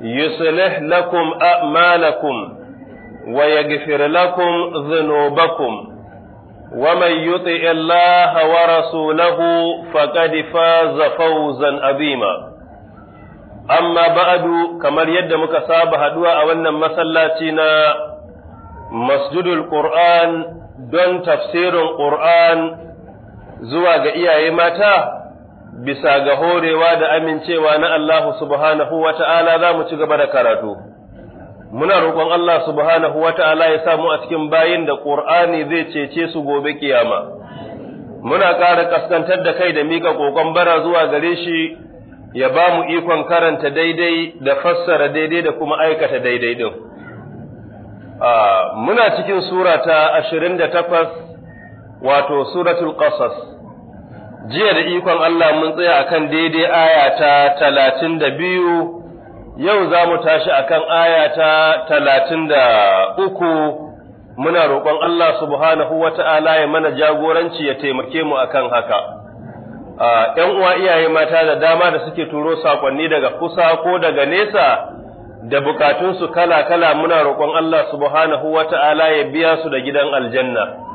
يصلح لكم أعمالكم ويغفر لكم ذنوبكم ومن يطع الله ورسوله فقد فاز فوزا عظيما أما بعد كما يد مكساب هدوء أولنا مسلاتنا مسجد القرآن دون تفسير القرآن زواج إياه متى bisa ga horewa da amincewa na Allah subhanahu wa ta'ala za mu ci gaba da karatu. Muna roƙon Allah subhanahu wa ta'ala ya mu a cikin bayin da ƙur'ani zai cece su gobe kiyama. Muna ƙara ƙaskantar da kai da miƙa ƙoƙon bara zuwa gare shi ya ba mu ikon karanta daidai da fassara daidai da kuma aikata daidai ɗin. Muna cikin surata ta ashirin da takwas wato Suratul Qasas. jiya da ikon Allah mun tsaya akan daidai aya ta talatin da biyu yau za mu tashi akan aya ta talatin da uku muna roƙon Allah subhanahu wa ta'ala ya mana jagoranci ya taimake mu akan haka. ‘Yan uwa iyaye mata da dama da suke turo saƙonni daga kusa ko daga nesa da bukatunsu kala-kala muna roƙon Allah subhanahu wa ta'ala ya biya su da gidan aljanna.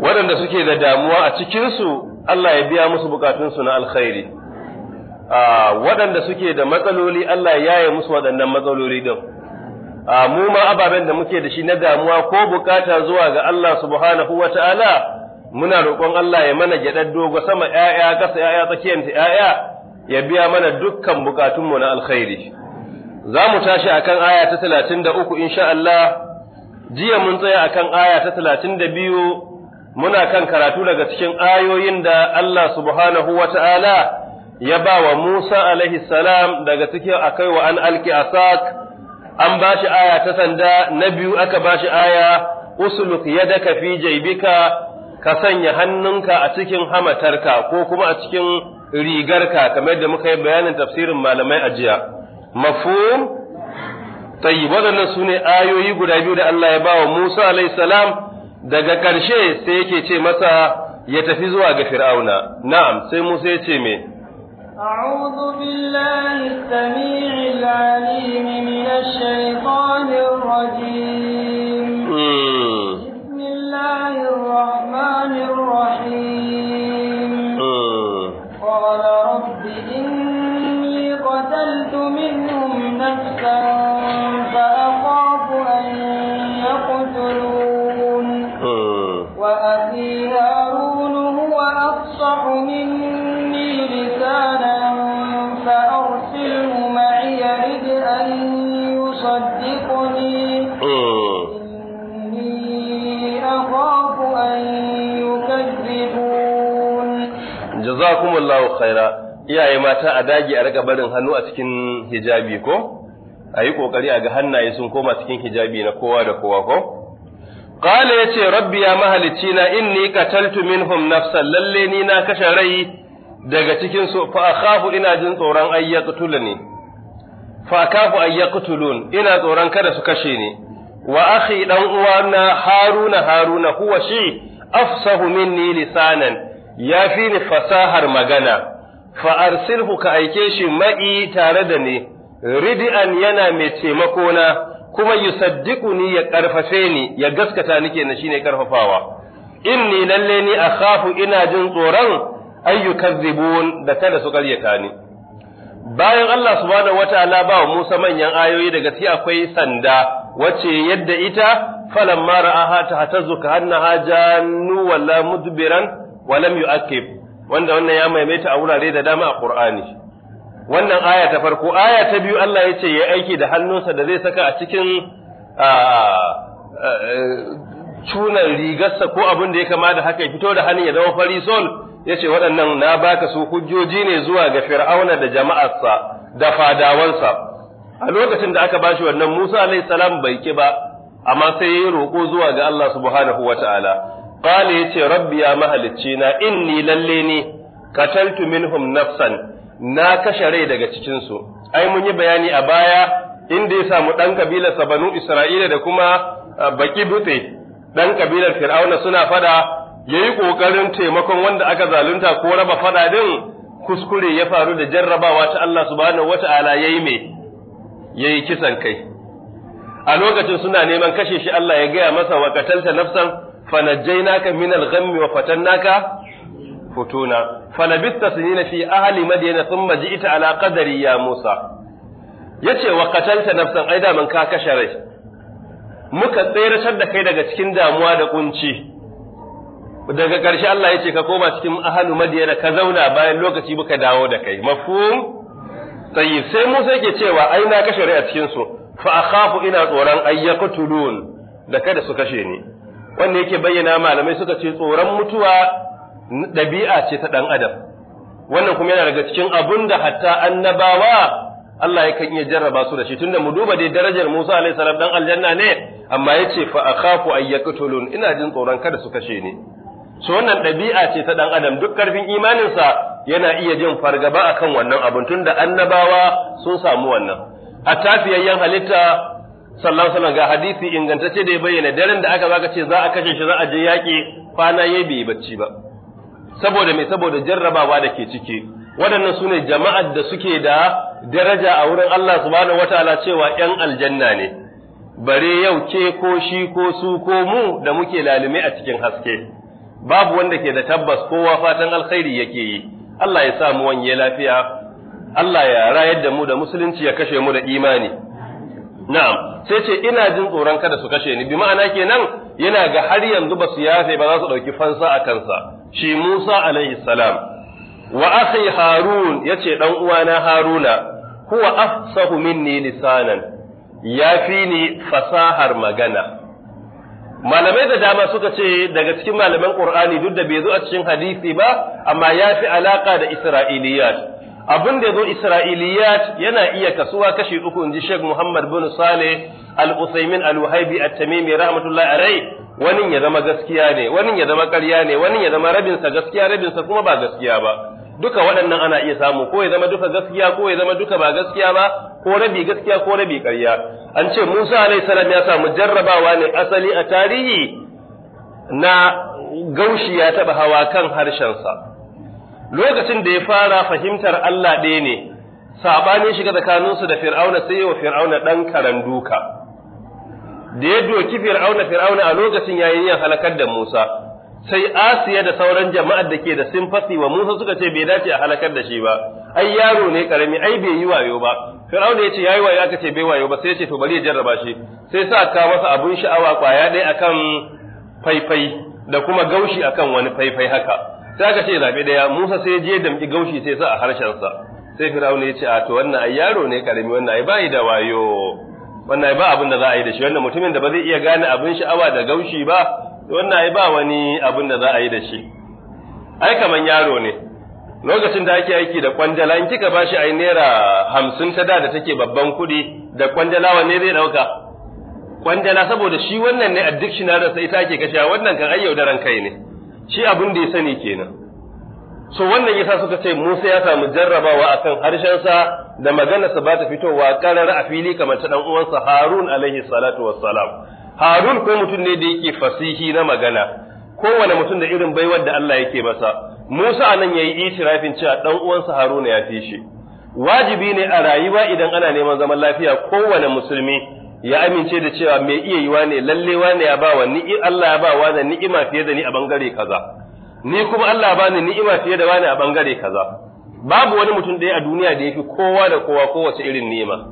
waɗanda suke da damuwa a cikinsu Allah ya biya musu bukatunsu na alkhairi waɗanda suke da matsaloli Allah ya yaye musu waɗannan matsaloli din mu ma ababen da muke da shi na damuwa ko bukata zuwa ga Allah subhanahu wata'ala muna roƙon Allah ya mana gyaɗar dogo sama ‘ya'ya ƙasa ‘ya'ya tsakiyarta ‘ya'ya ya biya mana dukkan bukatunmu na alkhairi za mu tashi akan aya ta talatin da uku insha Allah jiya mun tsaya akan aya ta talatin da biyu muna kan karatu daga cikin ayoyin da Allah subhanahu wa ta'ala ya ba wa Musa alaihi salam daga cikin akai wa an alki asak an ba shi aya ta sanda na biyu aka ba shi aya usuluk yadaka fi jaibika ka sanya hannunka a cikin hamatarka ko kuma a cikin rigarka kamar yadda muka yi bayanin tafsirin malamai ajiya jiya mafhum tayyib Waɗannan sune ayoyi guda biyu da Allah ya ba wa Musa alaihi salam daga ƙarshe sai yake ce masa ya tafi zuwa ga fir'auna na'am sai Musa ya ce me أعوذ بالله السميع العليم من الشيطان الرجيم iyaye mata a dagi a rika barin hannu a cikin hijabi ko a yi kokari a ga hannaye sun koma cikin hijabi na kowa da kowa ko qala yace rabbi ya mahalicci na inni qataltu minhum nafsan lalle ni na kashe rai daga cikin su fa akhafu ina jin tsoron ayyaqtuluni fa akhafu ayyaqtulun ina tsoron kada su kashe ni wa akhi dan uwana haruna haruna huwa shi afsahu minni lisanan yafi ni fasahar magana fa arsilhu ka aike shi ma'i tare da ni rid'an yana mai taimako na kuma ni ya karfafe ni ya gaskata ni kenan shine karfafawa inni lalle ni akhafu ina jin tsoron ayyukazzibun da kada su karyata ni bayan Allah subhanahu wataala ba Musa manyan ayoyi daga gaske akwai sanda wace yadda ita falamma ra'aha ta hatazu ka annaha jannu wala mudbiran walam wanda wannan ya maimaita a wurare da dama a Qur'ani wannan aya ta farko aya ta biyu Allah ya ce ya aiki da hannunsa da zai saka a cikin cunan rigarsa ko abin da ya kama da haka ya fito da hannun ya zama fari sol ya ce waɗannan na baka su hujjoji ne zuwa ga fir'auna da jama'arsa da fadawansa a lokacin da aka bashi wannan Musa alaihi salam bai ki ba amma sai ya roƙo zuwa ga Allah subhanahu wataala ya yace rabbi ya mahalicci na inni lalle ni qataltu minhum nafsan na kashe rai daga cikin su ai mun yi bayani a baya inda ya samu dan kabilar sabanu isra'ila da kuma baki butse dan kabilar fir'auna suna fada yayi kokarin taimakon wanda aka zalunta ko raba fada din kuskure ya faru da jarrabawa ta Allah subhanahu wata'ala yayi me yayi kisan kai a lokacin suna neman kashe shi Allah ya gaya masa wa katalta nafsan fanajjainaka min al-ghammi wa fatannaka futuna falabitta sinina fi ahli madyana thumma ji'ta ala qadari ya Musa yace wa qatalta nafsan ai da man ka kashe rai muka tsayar da kai daga cikin damuwa da kunci daga ƙarshe Allah yace ka koma cikin ahli madiyana ka zauna bayan lokaci muka dawo da kai mafhum tayyib sai Musa yake cewa ai na kashe rai a cikin su fa akhafu ina tsoron ayyakutulun da kada su kashe ni wanda yake bayyana malamai suka ce tsoron mutuwa ɗabi'a ce ta ɗan adam wannan kuma yana daga cikin abun da hatta annabawa Allah ya kan iya jarraba su da shi tunda mu duba dai darajar Musa alaihi salam dan aljanna ne amma yace fa akhafu ay yaqtulun ina jin tsoron kada su kashe ni so wannan ɗabi'a ce ta ɗan adam duk karfin imaninsa yana iya jin fargaba akan wannan abun tunda annabawa sun samu wannan A tafiyayyen halitta sallallahu alaihi ga hadisi ingantacce da ya bayyana daren da aka zaka ce za a kashe shi za a je yaƙi kwana yayi bai bacci ba saboda me saboda jarrabawa da ke ciki waɗannan su ne jama'ar da suke da daraja a wurin Allah subhanahu wataala cewa ‘yan aljanna ne, bare yau ke ko shi ko su ko mu da muke lalume a cikin haske, babu wanda ke da tabbas kowa fatan alkhairi yake yi, Allah ya samu wanye lafiya, Allah ya rayar da mu da musulunci ya kashe mu da imani. na'am sai ce ina jin tsoron kada su kashe ni bi ma'ana kenan yana ga har yanzu ba su yafe ba za su dauki fansa a kansa shi Musa alaihi salam wa akhi Harun yace dan uwana Haruna huwa afsahu minni lisanan yafi ni fasahar magana malamai da dama suka ce daga cikin malaman Ƙur'ani duk da bai zo a cikin hadisi ba amma yafi alaƙa da Isra'iliyat abin da zo isra'iliyat yana iya kasuwa kashi uku inji Sheikh Muhammad bin Saleh Al-Utsaimin al wahabi At-Tamimi rahmatullahi alayhi wani ya zama gaskiya ne wani ya zama ƙarya ne wani ya zama rabin sa gaskiya rabin sa kuma ba gaskiya ba duka waɗannan ana iya samu ko ya zama duka gaskiya ko ya zama duka ba gaskiya ba ko rabi gaskiya ko rabi ƙarya an ce Musa alayhi salam ya samu jarrabawa ne asali a tarihi na gaushi ya taba hawa kan harshen sa. lokacin da ya fara fahimtar Allah ɗaya ne sabanin shiga tsakaninsu da fir'auna sai wa fir'auna ɗan karan duka da ya doki fir'auna fir'auna a lokacin yayin yin halakar da Musa sai Asiya da sauran jama'ar da ke da simfasi wa Musa suka ce bai dace a halakar da shi ba ai yaro ne karami ai bai yi wayo ba Fir'auna ya ce yayi wayo aka ce bai wayo ba sai ya ce to bari ya jarraba shi sai sa ka masa abun sha'awa kwaya ɗaya akan faifai da kuma gaushi akan wani faifai haka ta ka ce zabe ɗaya, Musa sai je damki gaushi sai sa a harshen sa sai firawuna ya ce a to wannan ai yaro ne karami wannan ai bai da wayo wannan ai ba abin da za a yi da shi wannan mutumin da ba zai iya gane abin sha'awa da gaushi ba wannan ai ba wani abin da za a yi da shi ai kaman yaro ne lokacin da ake aiki da kwandala in kika bashi ai naira hamsin ta da da take babban kuɗi da kwandala wanne zai ɗauka kwandala saboda shi wannan ne a dictionary sai ita ake kashewa wannan kan ai yaudaran kai ne shi abin da ya sani kenan so wannan yasa suka ce Musa ya samu jarrabawa akan sa da maganarsa ba ta fitowa karar a fili kamar ta dan uwansa Harun alaihi salatu wassalam Harun ko mutum ne da yake fasihi na magana kowane mutum da irin baiwar da Allah yake masa Musa anan yayi itirafin cewa dan uwansa Harun ya fi shi wajibi ne a rayuwa idan ana neman zaman lafiya kowane musulmi ya amince da cewa mai iya yiwa ne lalle wane ya ba wani Allah ya ba wa ni'ima fiye da ni a bangare kaza ni kuma Allah ba ni ni'ima fiye da wani a bangare kaza babu wani mutum ɗaya a duniya da yafi kowa da kowa kowace irin ni'ima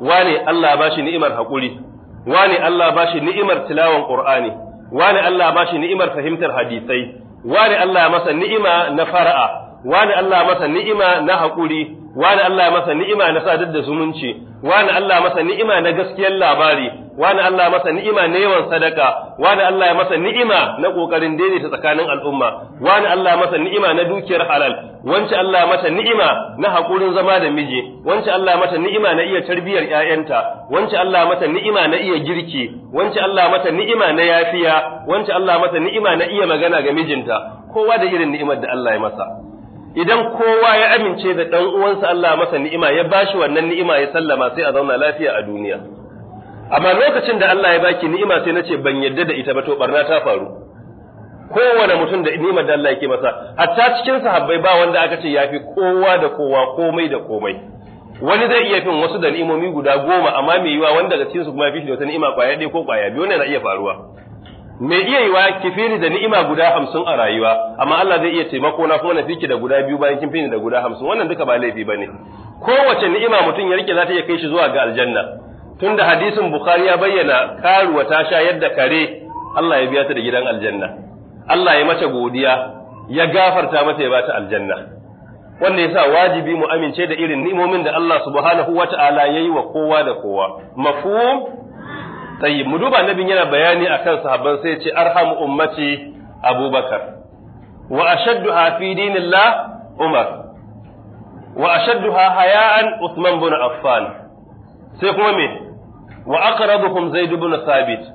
wane Allah ba shi ni'imar hakuri wane Allah ba shi ni'imar tilawan Qur'ani wane Allah ba shi ni'imar fahimtar hadisai wane Allah masa ni'ima na fara'a wani Allah masa ni'ima na haƙuri wani Allah masa ni'ima na sadar da zumunci wani Allah masa ni'ima na gaskiyar labari wani Allah masa ni'ima na yawan sadaka wani Allah masa ni'ima na ƙoƙarin daidaita tsakanin al'umma wani Allah masa ni'ima na dukiyar halal wance Allah masa ni'ima na haƙurin zama da miji wance Allah masa ni'ima na iya tarbiyyar ƴaƴanta wance Allah masa ni'ima na iya girki wance Allah masa ni'ima na yafiya wance Allah masa ni'ima na iya magana ga mijinta kowa da irin ni'imar da Allah ya masa idan kowa ya amince da ɗan uwansa Allah masa ni'ima ya bashi wannan ni'ima ya sallama sai a zauna lafiya a duniya amma lokacin da Allah ya baki ni'ima sai nace ban yadda da ita ba to barna ta faru kowane mutum da ni'imar da Allah yake masa hatta cikin sahabbai ba wanda aka ce yafi kowa da kowa komai da komai wani zai iya fin wasu da ni'imomi guda goma amma mai yiwa wanda daga cikin su kuma fi shi da wata ni'ima kwaya ɗaya ko kwaya biyu ne na iya faruwa mai iya yiwa ki fini da ni'ima guda hamsin a rayuwa amma Allah zai iya taimako na kuma na fiki da guda biyu bayan kin fini da guda hamsin wannan duka ba laifi bane kowace ni'ima mutum ya rike za ta iya kai shi zuwa ga aljanna tunda hadisin bukhari ya bayyana karuwa ta sha yadda kare Allah ya biya ta da gidan aljanna Allah ya mace godiya ya gafarta mata ya bata aljanna wanda yasa wajibi mu amince da irin ni'imomin da Allah subhanahu wata'ala yayi wa kowa da kowa mafhum tayyib mu duba annabin yana bayani akan sahabban sai ce arhamu ummati abubakar wa ashadduha fi dinillah umar wa ashadduha haya'an uthman bin affan sai kuma me wa aqrabuhum zaid bin thabit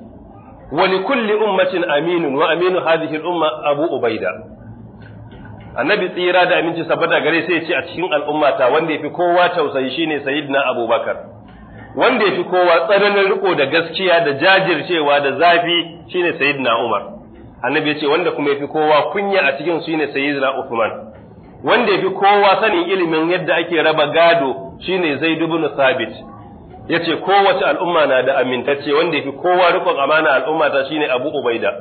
wa li kulli ummatin aminun wa aminu hadhihi al-umma abu ubaida annabi tsira da aminci sabata gare sai ce a cikin al'ummata wanda yafi kowa tausayi shine sayyidina abubakar wanda yafi kowa tsananin riko da gaskiya da jajircewa da zafi shine sayyidina Umar annabi ya ce wanda kuma yafi kowa kunya a cikin su shine sayyidina Uthman wanda yafi kowa sanin ilimin yadda ake raba gado shine Zaid ibn Thabit yace kowace al'umma na da amintacce wanda yafi kowa rikon amana al'umma ta shine Abu Ubaida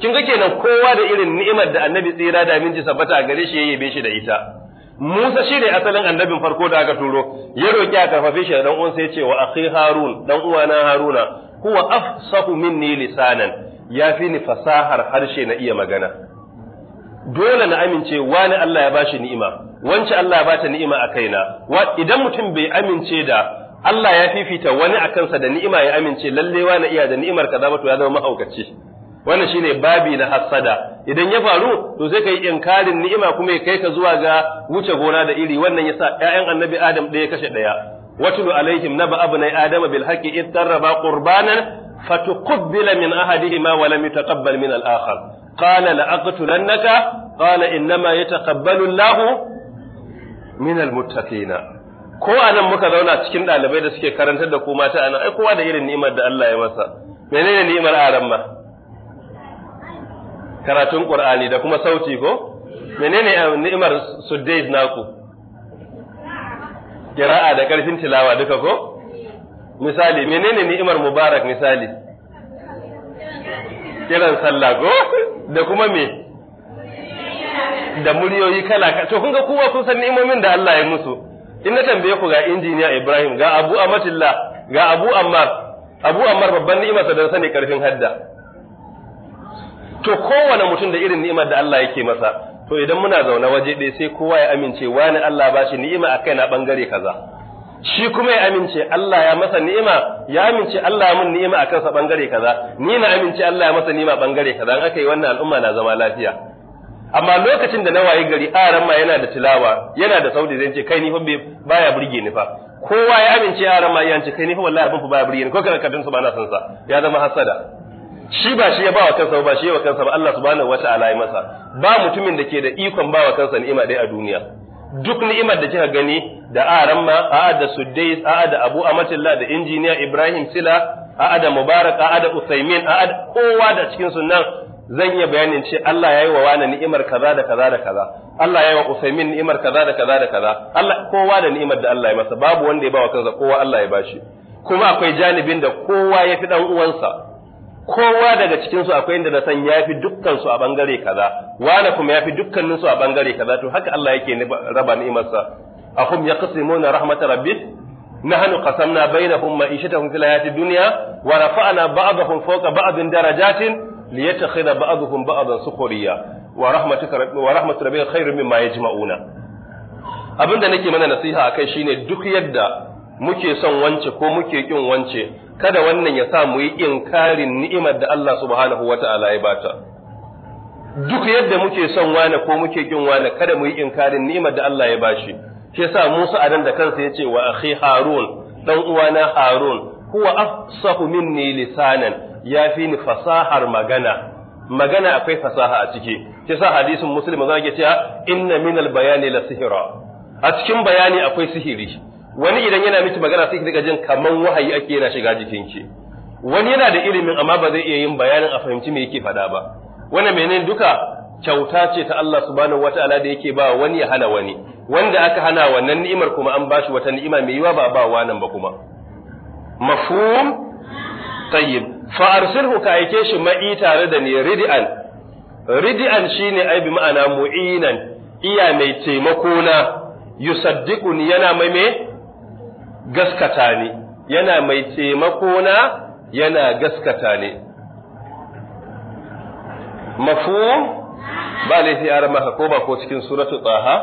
kin ga kenan kowa da irin ni'imar da annabi tsira da aminci sabbata a gare shi ya yabe shi da ita Musa shi ne asalin annabin farko da aka turo, ya roƙi a karfafe shi da ɗan'uwan sai ce wa akhi Harun, ɗan uwana Haruna, kuwa afsahu minni lisanan, ya fi ni fasahar harshe na iya magana. Dole na amince wani Allah ya bashi ni'ima, wance Allah ya bata ni'ima a kaina, idan mutum bai amince da Allah ya fifita wani a kansa da ni'ima ya amince lalle wani iya da ni'imar kaza ba to ya zama mahaukaci. wannan shine babi na hassada idan ya faru to sai kai inkarin ni'ima kuma ya kai ka zuwa ga wuce gona da iri wannan yasa ƴaƴan annabi adam ɗaya kashe ɗaya watulu alaihim naba abnai adama bil haqqi id tarraba qurbanan fatuqabbila min ahadihima wa lam yutaqabbal min al akhar qala la aqtulannaka qala innama yataqabbalu allah min al muttaqina ko anan muka zauna cikin ɗalibai da suke karantar da ku mata anan ai kowa da irin ni'imar da Allah ya masa menene ni'imar aran ma karatun Qur'ani da kuma sauti ko menene eh, ni'imar suddais naku kira'a da karfin tilawa duka ko misali menene ni'imar mubarak misali kiran sallah ko da kuma me da muryoyi kala to kun ga kowa kun san ni'imomin da Allah ya musu in na tambaye ku ga injiniya Ibrahim ga Abu Amatillah ga Abu Ammar Abu Ammar babban ni'imarsa da sani karfin hadda to kowane mutum da irin ni'imar da Allah yake masa to idan muna zaune waje ɗaya sai kowa ya amince wani Allah ba shi ni'ima a na bangare kaza shi kuma ya amince Allah ya masa ni'ima ya amince Allah ya mun ni'ima a kansa bangare kaza ni na amince Allah ya masa ni'ima bangare kaza in aka yi wannan al'umma na zama lafiya amma lokacin da na waye gari aran ma yana da tilawa yana da saudi zai ce kai ni fa baya burge ni fa kowa ya amince aran ma yana ce kai ni fa wallahi abin fa baya burge ni ko kadin su ba na san sa ya zama hasada shi ba shi ya ba wa kansa ba shi ya wa kansa ba Allah subhanahu ta'ala ya masa ba mutumin da ke da ikon ba wa kansa ni'ima ɗaya a duniya duk ni'imar da kika gani da aran ma a'a da suddais a'a da abu amatullah da injiniya ibrahim sila a'a da mubarak a'a da usaimin a'a da kowa da cikin sunan zan iya bayanin ce Allah yayi wa wani ni'imar kaza da kaza da kaza Allah yayi wa usaimin ni'imar kaza da kaza da kaza Allah kowa da ni'imar da Allah ya masa babu wanda ya ba wa kansa kowa Allah ya bashi kuma akwai janibin da kowa ya fi dan uwansa kowa daga cikin su akwai inda na san ya fi dukkansu a bangare kaza wane kuma ya fi dukkaninsu a bangare kaza to haka Allah yake raba ni'imarsa ahum yaqsimuna rahmatar rabbik nahnu qasamna bainahum ma'ishatahum fil hayatid dunya wa rafa'na ba'dahum fawqa ba'din darajatin liyattakhidha ba'dahum ba'dan sukhriya wa rahmatuka wa rahmatu rabbika khairun mimma yajma'una abinda nake mana nasiha akai shine duk yadda muke son wance ko muke kin wance kada wannan ya sa mu yi inkarin ni'imar da Allah subhanahu wata'ala ya bata duk yadda muke son wane ko muke kin wane kada mu yi inkarin ni'imar da Allah ya bashi Ke sa Musa a nan da kansa ya ce wa akhi Harun dan uwana Harun huwa afsahu minni lisanan ya fi ni fasahar magana magana akwai fasaha a ciki Ke sa hadisin Muslim zan ce ah, inna minal bayani la sihira a cikin bayani akwai sihiri wani idan yana miki magana sai ki riga jin kaman wahayi ake yana shiga jikin ki. wani yana da ilimin amma ba zai iya yin bayanin a fahimci me yake faɗa ba wannan menene duka kyauta ce ta Allah subhanahu wataala da yake ba wani ya hana wani wanda aka hana wannan ni'imar kuma an bashi wata ni'ima mai yiwa ba ba wannan ba kuma mafhum tayyib fa arsilhu ka aike shi ma'i tare da ni ridian ridian shine ai bi ma'ana mu'inan iya mai taimako na yusaddiquni yana mai me gaskata ne, yana mai taimako na yana gaskata ne. mafhum ba laifi arama maka ko ba ko cikin suratu tsaha,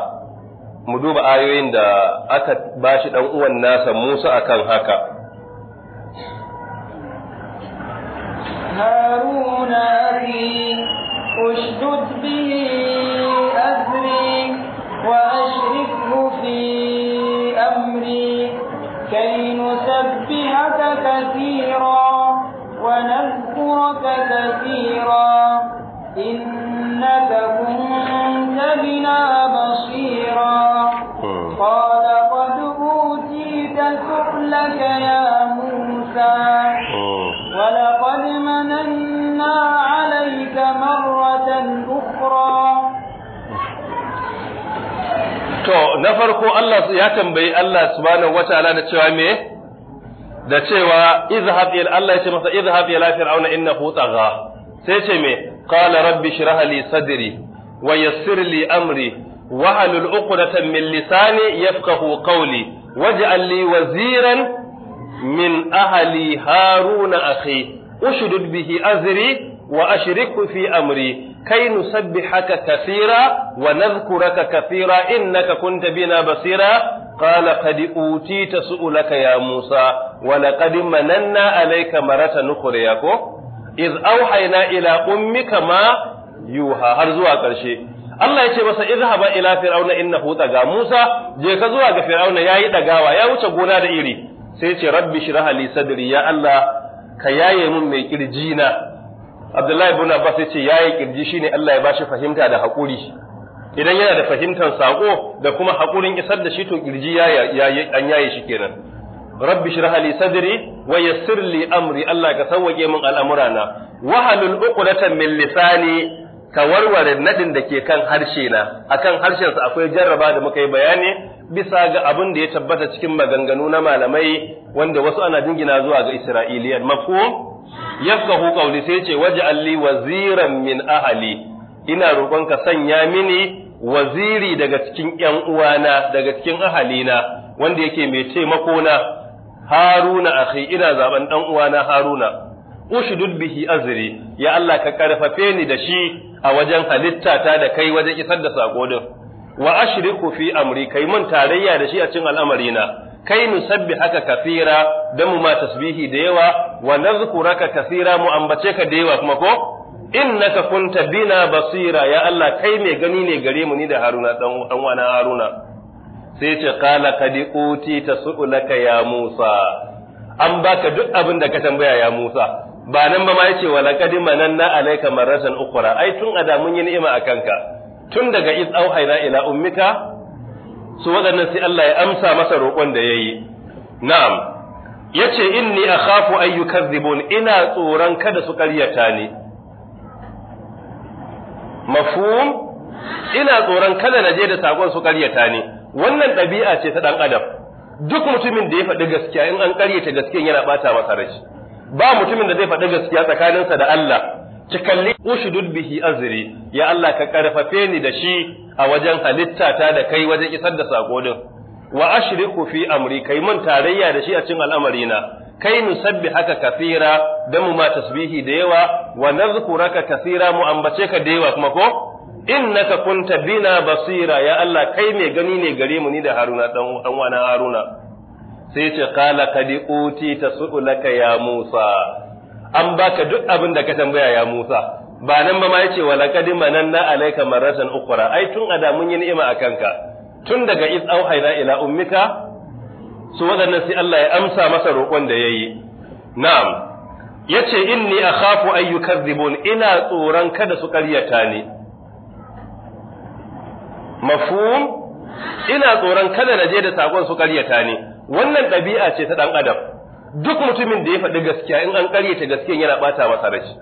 mu duba ayoyin da aka bashi dan uwan nasa Musa akan haka هارون اشدد به أذري وأشركه في أمري كي نسبحك كثيرا ونذكرك كثيرا إنك كنت بنا بصيرا قال قد أوتيت سؤلك يا موسى ولقد مننا عليك مرة أخرى To, na farko Allah ya tambayi Allah subhanahu wa ta'ala da cewa me? Da cewa, izhab il Allah ya ce masa izhab ila fir'auna innahu tagha. Sai ce me? Qala rabbi shrah li sadri wa yassir li amri wa halul 'uqdatan min lisani yafqahu qawli waj'al li waziran min ahli haruna akhi ushdud bihi azri wa ashrikhu fi amri kai nusabbihaka kathira wa in kathira innaka kunta bina basira qala qad utita su'ulaka ya Musa wa laqad mananna alayka maratan nukhriya ko iz ila ummika ma yuha har zuwa ƙarshe Allah ya ce masa izhaba ila fir'auna innahu ga Musa Jeka zuwa ga fir'auna yayi dagawa ya wuce gona da iri sai ce rabbi shrah li sadri ya Allah ka yaye mun mai na. Abdullahi ibn Abbas ya ce yayi kirji shine Allah ya bashi fahimta da hakuri idan yana da fahimtar sako da kuma hakurin isar da shi to kirji ya an yayi shi kenan rabbi shrah li sadri wa yassir li amri Allah ka sauke min al'amurana wahalul uqdatan min lisani ka warware nadin da ke kan harshe na akan harshen sa akwai jarraba da muka yi bayani bisa ga abin da ya tabbata cikin maganganu na malamai wanda wasu ana dingina zuwa ga Isra'iliyan mafhum Yafkahu qawli sai ce waj'al alli waziran min ahli ina roƙon ka sanya mini waziri daga cikin ƴan uwana daga cikin ahalina wanda yake mai taimako na Haruna akhi ina zaben dan uwana Haruna ushdud bihi azri ya Allah ka karfafe ni da shi a wajen halitta ta da kai wajen isar da sako din wa ashriku fi amri kai mun tarayya da shi a cikin al'amarina kai haka kafira don mu ma tasbihi da yawa wa ka Kasira mu ambace ka da yawa kuma ko innaka kunta bina basira ya Allah kai mai gani ne gare mu ni da Haruna dan uwa na Haruna sai ce qala kad uti tasulaka ya Musa an baka duk abin da ka tambaya ya Musa ba nan ba ma yace wa mananna alayka marratan ukhra ai tun ada mun yi ni'ima kanka. tun daga iz auhayna ila ummika su waɗannan sai Allah ya amsa masa roƙon da ya yi na'am ya ce inni a khafu ayyukazzibun ina tsoron kada su ƙaryata ni mafhum ina tsoron kada na je da sakon su ƙaryata ne. wannan ɗabi'a ce ta ɗan adam duk mutumin da ya faɗi gaskiya in an ƙaryata gaskiyan yana ɓata masa rashi ba mutumin da zai faɗi gaskiya tsakaninsa da Allah ki kalli ushudud bihi azri ya Allah ka karfafe ni da shi a wajen halitta ta da kai wajen isar da sako din wa ashriku fi amri kai mun tarayya da shi a cikin na, kai mu haka kasira da mu ma tasbihi da yawa wa nazkuraka kasira mu ambace ka da yawa kuma ko innaka kunta bina basira ya Allah kai mai gani ne gare mu ni da Haruna dan dan Haruna sai ce qala kadi uti tasulaka ya Musa an baka duk abin da ka tambaya ya Musa ba nan ba ma yace wa laqad mananna alayka marratan ukhra ai tun ada mun yi ni'ima akanka tun daga iz auhayna ila ummika su wadannan sai Allah ya amsa masa roƙon da yayi na'am yace inni akhafu ayyukan yukadzibun ina tsoron kada su ƙaryata ni mafhum ina tsoron kada na je da sakon su ƙaryata ni wannan ɗabi'a ce ta dan adam duk mutumin da ya faɗi gaskiya in an ƙaryata gaskiya yana ɓata masa rashi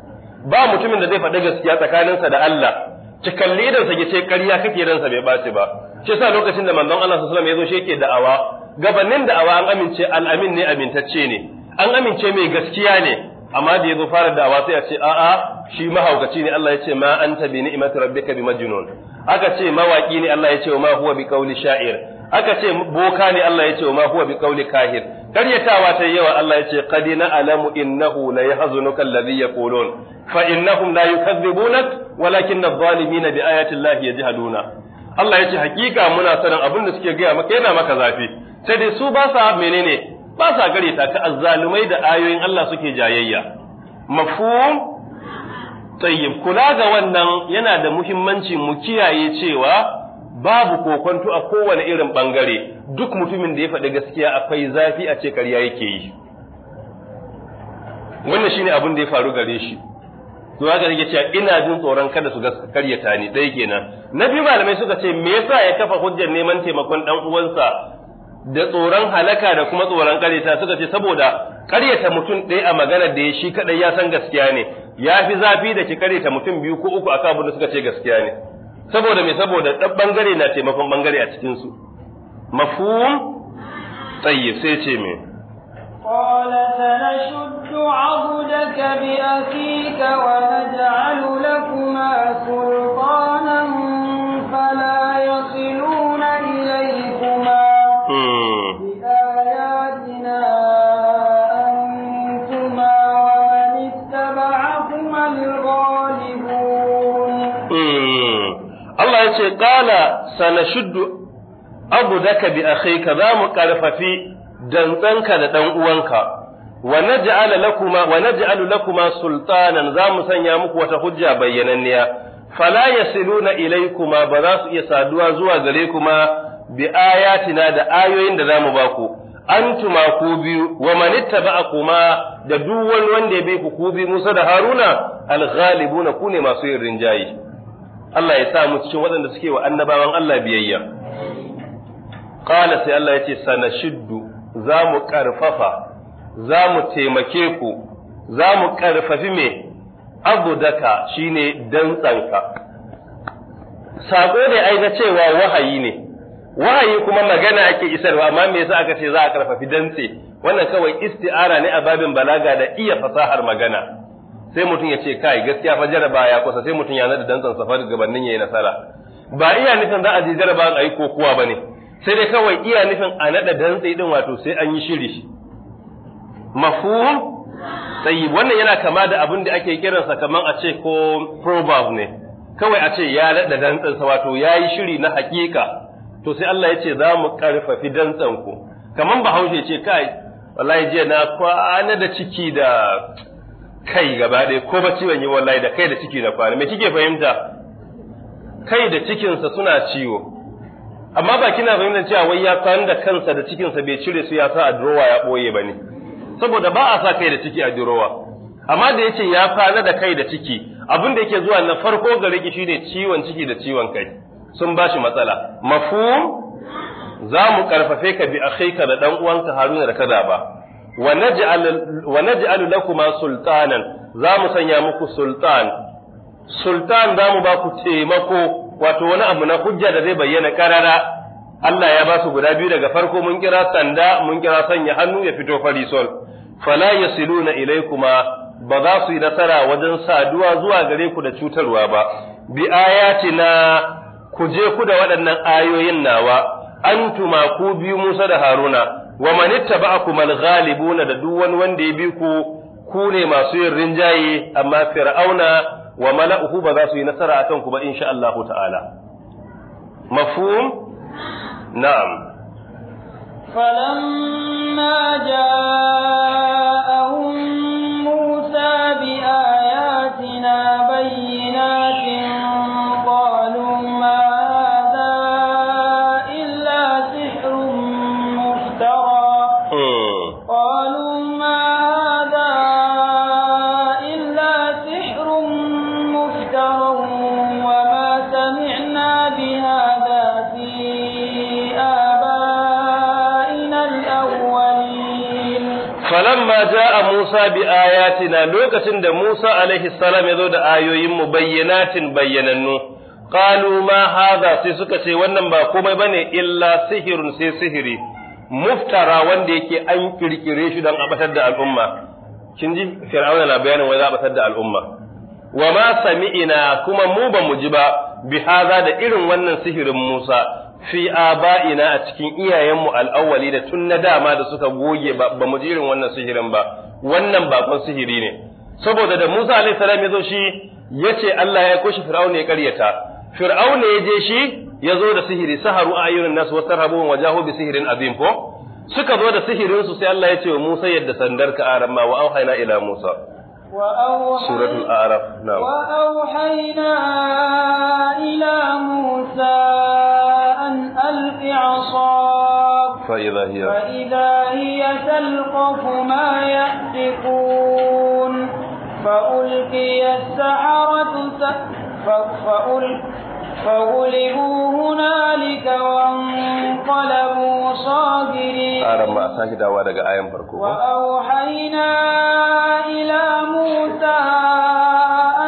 ba mutumin da zai faɗi gaskiya tsakaninsa da Allah ki kalli idan sa ce ƙarya kake ransa bai ɓace ba shi yasa lokacin da manzon Allah sallallahu alaihi wasallam ya zo shi yake da'awa gabanin da'awa an amince al'amin ne amintacce ne an amince mai gaskiya ne amma da ya zo fara da'awa sai a ce a'a shi mahaukaci ne Allah ya ce ma anta bi ni'mati rabbika bi majnun aka ce mawaki ne Allah ya ce ma huwa bi qawli sha'ir aka ce boka ne Allah ya ce wa ma huwa biqauli kahir karyatawa ta yawa Allah ya ce qad alamu innahu la yahzunuka alladhi yaqulun fa innahum la yukadzibunak walakin adh-dhalimina bi ayati llahi yajhaduna Allah ya ce hakika muna sanin abin da suke gaya maka yana maka zafi sai dai su ba sa menene ba sa gareta ta azzalumai da ayoyin Allah suke jayayya mafhum tayyib kula ga wannan yana da muhimmanci mu kiyaye cewa babu kokonto a kowane irin bangare duk mutumin da ya faɗi gaskiya akwai zafi a ce ƙarya yake yi wannan shine abin da ya faru gare shi to haka nake cewa ina jin tsoron kada su karyata ni dai kenan na bi malamai suka ce me yasa ya kafa hujjar neman taimakon dan uwansa da tsoron halaka da kuma tsoron karyata suka ce saboda karyata mutum ɗaya a magana da ya shi kaɗai ya san gaskiya ne ya fi zafi da ki karyata mutum biyu ko uku akan abin da suka ce gaskiya ne saboda mai saboda ɗan ɓangare na taimakon ɓangare a cikinsu mafuhun tsaye sai ce mai Qala sanashuddu ahudaka bi akika wa naj'alu lakuma sultanan Allah ya ce qala sanashuddu abudaka bi ka, za mu karfafi dantsanka da dan uwanka wa naj'ala lakuma wa naj'alu lakuma sultanan za mu sanya muku wata hujja bayyananniya fala yasiluna ilaykuma ba za su iya saduwa zuwa gare kuma bi ayatina da ayoyin da zamu ku. antuma ku biyu wa man kuma da duk wani wanda ya bi ku ku bi Musa da Haruna al-ghalibuna ku ne masu yin rinjayi Allah ya sa mu cikin waɗanda suke wa annabawan Allah biyayya qala sai Allah ya ce sanashiddu za mu karfafa za mu taimake ku za mu karfafi me Abu abudaka shine dantsanka sako ne ai na cewa wahayi ne wahayi kuma magana ake isarwa amma me yasa aka ce za a karfafi dantse wannan kawai isti'ara ne a babin balaga da iya fasahar magana sai mutum ya ce kai gaskiya fa jaraba ya kusa sai mutum ya nada dantsan safar gabanin yayin nasara ba iya nufin za a je jaraba a yi kokuwa bane sai dai kawai iya nufin a nada dantsi din wato sai an yi shiri mafhum sai wannan yana kama da abin da ake kiransa kaman a ce ko proverb ne kawai a ce ya nada dantsan sa wato yayi shiri na hakika to sai Allah ya ce za mu karfafi dantsan ku kaman bahaushe ce kai wallahi jiya na kwana da ciki da kai gaba ɗaya ko ba ciwon yi wallahi da kai da ciki da kwari mai kike fahimta kai da cikinsa suna ciwo amma ba kina fahimtar cewa wai ya kwan da kansa da cikinsa bai cire su ya sa a durowa ya ɓoye ba ne saboda ba a sa kai da ciki a durowa amma da yace ya kwana da kai da ciki abin da yake zuwa na farko gare ki shine ciwon ciki da ciwon kai sun ba shi matsala mafhum za mu karfafe ka bi akhika da dan uwanka Haruna da kada ba wa naj'alu lakuma sultanan za mu sanya muku sultan sultan za mu ba ku taimako wato wani abu na hujja da zai bayyana karara Allah ya ba su guda biyu daga farko mun kira sanda mun kira sanya hannu ya fito fari sol fala yasiluna ilaykuma ba za su yi nasara wajen saduwa zuwa gare ku da cutarwa ba bi ayatina ku je ku da waɗannan ayoyin nawa antuma ku biyu Musa da Haruna wa man ittaba'akum al na da duk wani wanda ya bi ku ku ne masu yin rinjaye amma fir'auna wa mala'uhu ba za su yi nasara akan ku ba insha Allah ta'ala mafhum na'am falamma jaa lokacin da Musa alaihi salam ya zo da ayoyin mu bayyanatin bayyanannu qalu ma hadha sai suka ce wannan ba komai bane illa sihirun sai sihiri muftara wanda yake an kirkire shi dan abatar da al'umma kin ji fir'auna na bayanin wai za abatar da al'umma wa ma sami'ina kuma mu ba mu ji ba bi hadha da irin wannan sihirin Musa fi aba'ina a cikin iyayenmu al'awwali da tun na dama da suka goge ba mu ji irin wannan sihirin ba wannan bakon sihiri ne saboda da Musa alaihi ya zo shi yace Allah ya koshi Fir'auna ya karyata Fir'auna ya je shi ya zo da sihiri saharu ayyurin nasu wa tarhabu wa jahu bi sihirin azim ko suka zo da sihirin su sai Allah ya ce wa Musa yadda sandar ka aramma wa auhayna ila Musa سورة الأعراف نعم وأوحينا إلى موسى أن ألق عصاك فإذا هي فإذا هي تلقف ما يأفكون فألقي السحرة فغلبوا هنالك وانقلبوا صاغرين وأوحينا إلى موسى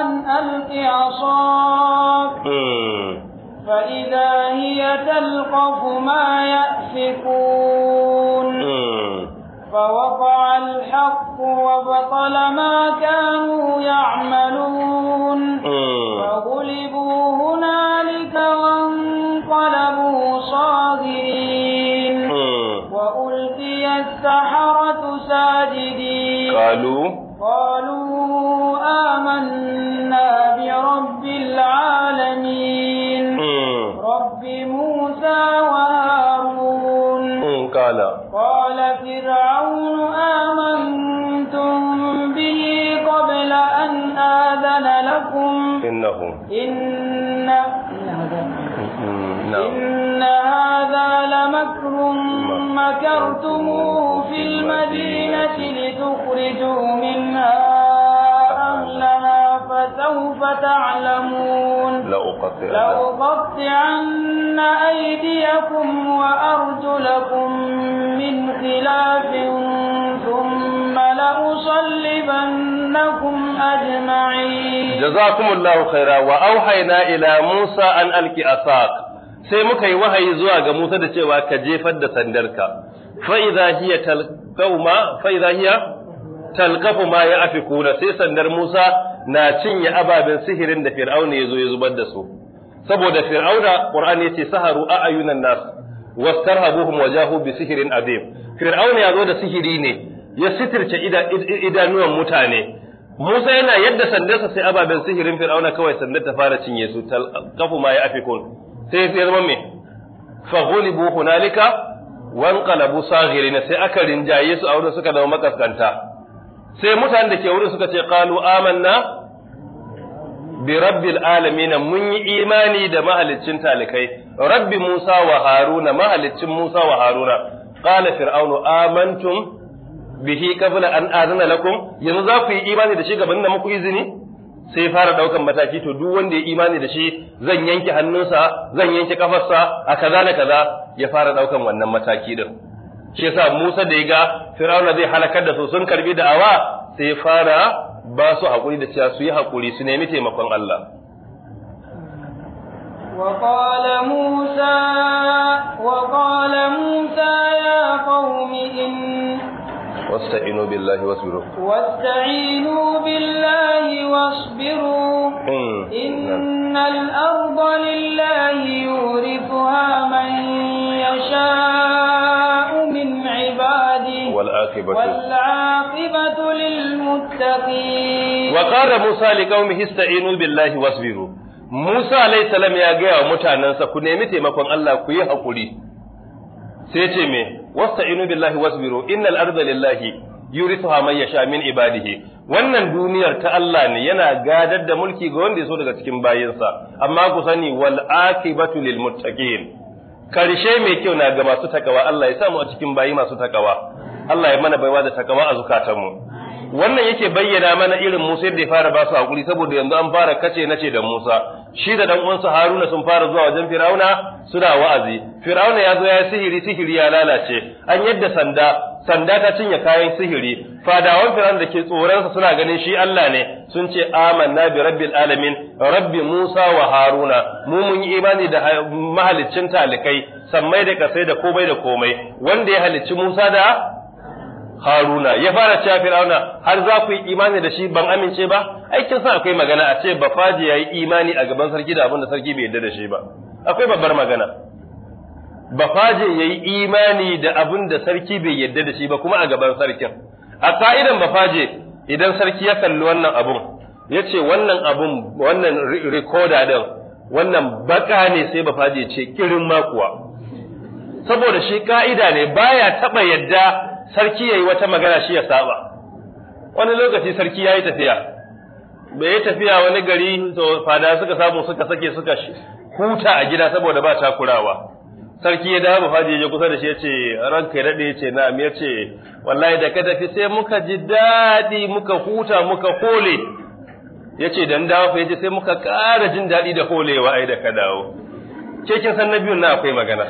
أن ألق عصاك فإذا هي تلقف ما يأفكون فوقع الحق وبطل ما كانوا يعملون فغلبوا هنالك وانقلبوا صاغرين وألقي السحرة ساجدين قالوا قالوا آمنا برب العالمين رب موسى وهارون قال لهم إن نعم. إن هذا لمكر مكرتموه في المدينة لتخرجوا منها أهلها فسوف تعلمون لأقطعن أيديكم وأرجلكم من خلاف ثم لأصلبن يحشرنكم أجمعين جزاكم الله خيرا وأوحينا إلى موسى أن ألقي أساك sai muka yi wahayi zuwa ga Musa da cewa ka jefar da sandarka fa idza hiya ya fa idza hiya ma ya'fikuna sai sandar Musa na cinye ababen sihirin da Fir'auna zo ya zubar da su saboda Fir'auna Qur'ani ce saharu a ayunan nas wastarhabuhum wajahu bi sihirin azim Fir'auna ya zo da sihiri ne ya sitirce idanuwan mutane Musa yana yadda sandarsa sai ababen sihirin Fir'auna kawai sandar ta fara cinye su kafu ma ya afikun sai ya zama me faghulibu hunalika wan qalabu sai aka rinjaye su a wurin suka zama makaskanta sai mutanen da ke wurin suka ce qalu amanna bi rabbil alamin mun yi imani da mahaliccin talikai rabbi Musa wa Haruna mahaliccin Musa wa Haruna qala fir'aunu amantum bihi qabla an azana lakum yanzu za ku yi imani da shi gaban da muku izini sai fara daukan mataki to duk wanda ya imani da shi zan yanke hannunsa zan yanke kafarsa a kaza da kaza ya fara daukan wannan mataki din shi yasa Musa da ya ga Fir'auna zai halakar da su sun karbi da'awa sai ya fara ba su hakuri da cewa su yi hakuri su nemi taimakon Allah وقال موسى وقال موسى واستعينوا بالله واصبروا واستعينوا بالله واصبروا ان الارض لله يورثها من يشاء من عباده والعاقبه والعاقبة للمتقين وقال موسى لقومه استعينوا بالله واصبروا Musa alayhi salam ya gaya wa mutanensa ku nemi taimakon Allah ku yi haƙuri sai ce me wasta'inu billahi wasbiru innal arda lillahi yurithuha man yasha min ibadihi wannan duniyar ta Allah ne yana gadar da mulki ga wanda ya so daga cikin bayinsa amma ku sani wal akibatu lil muttaqin karshe mai kyau na ga masu takawa Allah ya samu a cikin bayi masu takawa Allah ya mana baiwa da takawa a zukatanmu wannan yake bayyana mana irin Musa yadda ya fara ba su hakuri saboda yanzu an fara kace nace da Musa shi da dan uwansa Haruna sun fara zuwa wajen Firauna suna wa'azi Firauna ya zo ya sihiri sihiri ya lalace an yadda sanda sanda ta cinye kayan sihiri fadawan Firauna da ke tsoransa suna ganin shi Allah ne sun ce amanna bi rabbil alamin rabbi Musa wa Haruna mu mun yi imani da mahaliccin talikai sammai da kasai da komai da komai wanda ya halicci Musa da haruna ya fara cewa fir'auna har za ku yi imani da shi ban amince ba aikin san akwai magana a ce bafaji yayi imani a gaban sarki da abinda sarki bai yarda da shi ba akwai babbar magana bafaje yayi imani da abinda sarki bai yarda da shi ba kuma a gaban sarkin a ka'idan bafaje idan sarki ya kalli wannan abun ya ce wannan abun wannan recorder din wannan baka ne sai bafaje ce kirin makuwa saboda shi ka'ida ne baya taba yadda sarki ya yi wata magana shi ya saba wani lokaci sarki ya yi tafiya bai tafiya wani gari to fada suka samu suka sake suka huta a gida saboda ba takurawa sarki ya dawo faji ya kusa da shi ya ce ranka ya daɗe ya ce na ya ce wallahi da ka tafi sai muka ji daɗi muka huta muka kole ya ce dan dawo fa ya ce sai muka ƙara jin daɗi da kolewa ai da ka dawo ke kin san na biyun na akwai magana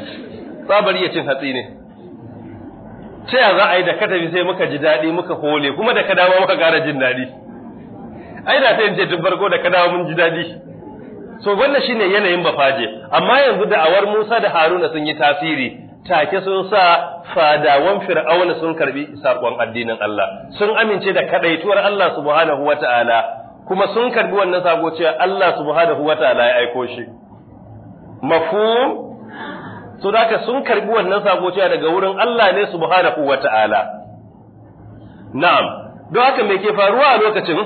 Sabari ya cin hatsi ne ta za a yi da ka sai muka ji daɗi muka hole kuma da ka dawo muka ƙara jin daɗi ai da ta yin ce tun farko da ka dawo mun ji daɗi so wannan shine yanayin bafaje amma yanzu da awar Musa da Haruna sun yi tasiri take sun sa fadawan Fir'auna sun karbi sakon addinin Allah sun amince da kadaituwar Allah subhanahu wataala kuma sun karbi wannan sako cewa Allah subhanahu wataala ya aiko shi mafhum so da sun karbi wannan sako cewa daga wurin Allah ne subhanahu wata'ala na'am don haka me ke faruwa a lokacin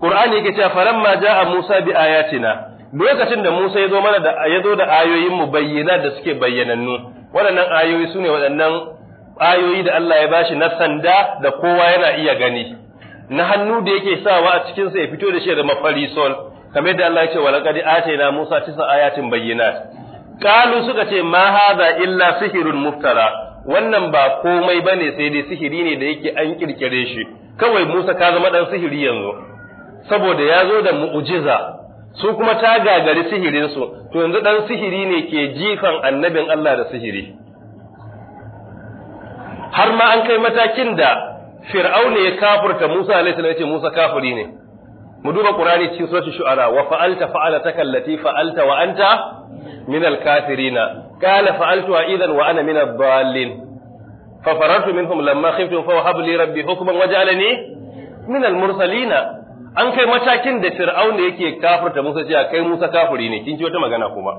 Qur'ani yake cewa ma ja'a Musa bi ayatina lokacin da Musa ya zo mana da ya zo da ayoyin mu bayyana da suke bayyanannu waɗannan ayoyi sune waɗannan ayoyi da Allah ya bashi na sanda da kowa yana iya gani na hannu da yake sawa a cikin sa ya fito da shi da mafarisol kamar da Allah ya ce walaqad atayna Musa tisa ayatin bayyinat Kalu suka ce ma haza illa sihirun muftara wannan ba komai bane sai dai sihiri ne da yake an kirkire shi kawai Musa ka zama dan sihiri yanzu saboda ya zo da mu'jiza su kuma ta gagari sihirin su to yanzu dan sihiri ne ke jifan annabin Allah da sihiri har ma an kai matakin da Fir'auna ya kafurta Musa alaihi salam ya ce Musa kafiri ne mu duba qur'ani cikin surati shu'ara wa fa'alta fa'alataka allati fa'alta wa anta min al-kafirin qala fa'altu idan wa ana min ad-dallin fa farartu minhum lamma khiftu fa wahab li rabbi hukman waj'alani min al-mursalin an kai matakin da fir'aun da yake kafirta Musa cewa kai Musa kafiri ne kin ji wata magana kuma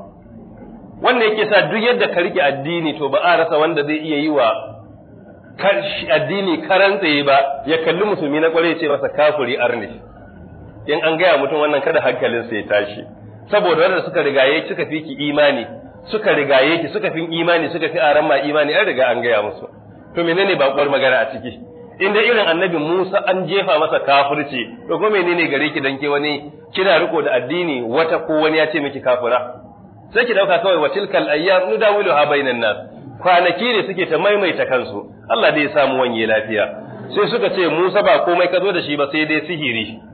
wannan yake sa duk yadda ka rike addini to ba a rasa wanda zai iya yi wa addini karantsaye ba ya kalli musulmi na kware ya ce masa kafiri arni in an gaya mutum wannan kada hankalin ya tashi saboda wanda suka rigaye suka fi ki imani suka rigaye ki suka fi imani suka fi aran ma imani an riga an gaya musu to menene bakwar magana a ciki inda irin annabi Musa an jefa masa kafirci to kuma menene gare ki dan ke wani kina riko da addini wata ko wani ya ce miki kafira sai ki dauka kawai wa tilkal ayyam nudawiluha bainan nas kwanaki ne suke ta maimaita kansu Allah dai ya samu wanye lafiya sai suka ce Musa ba komai ka zo da shi ba sai dai sihiri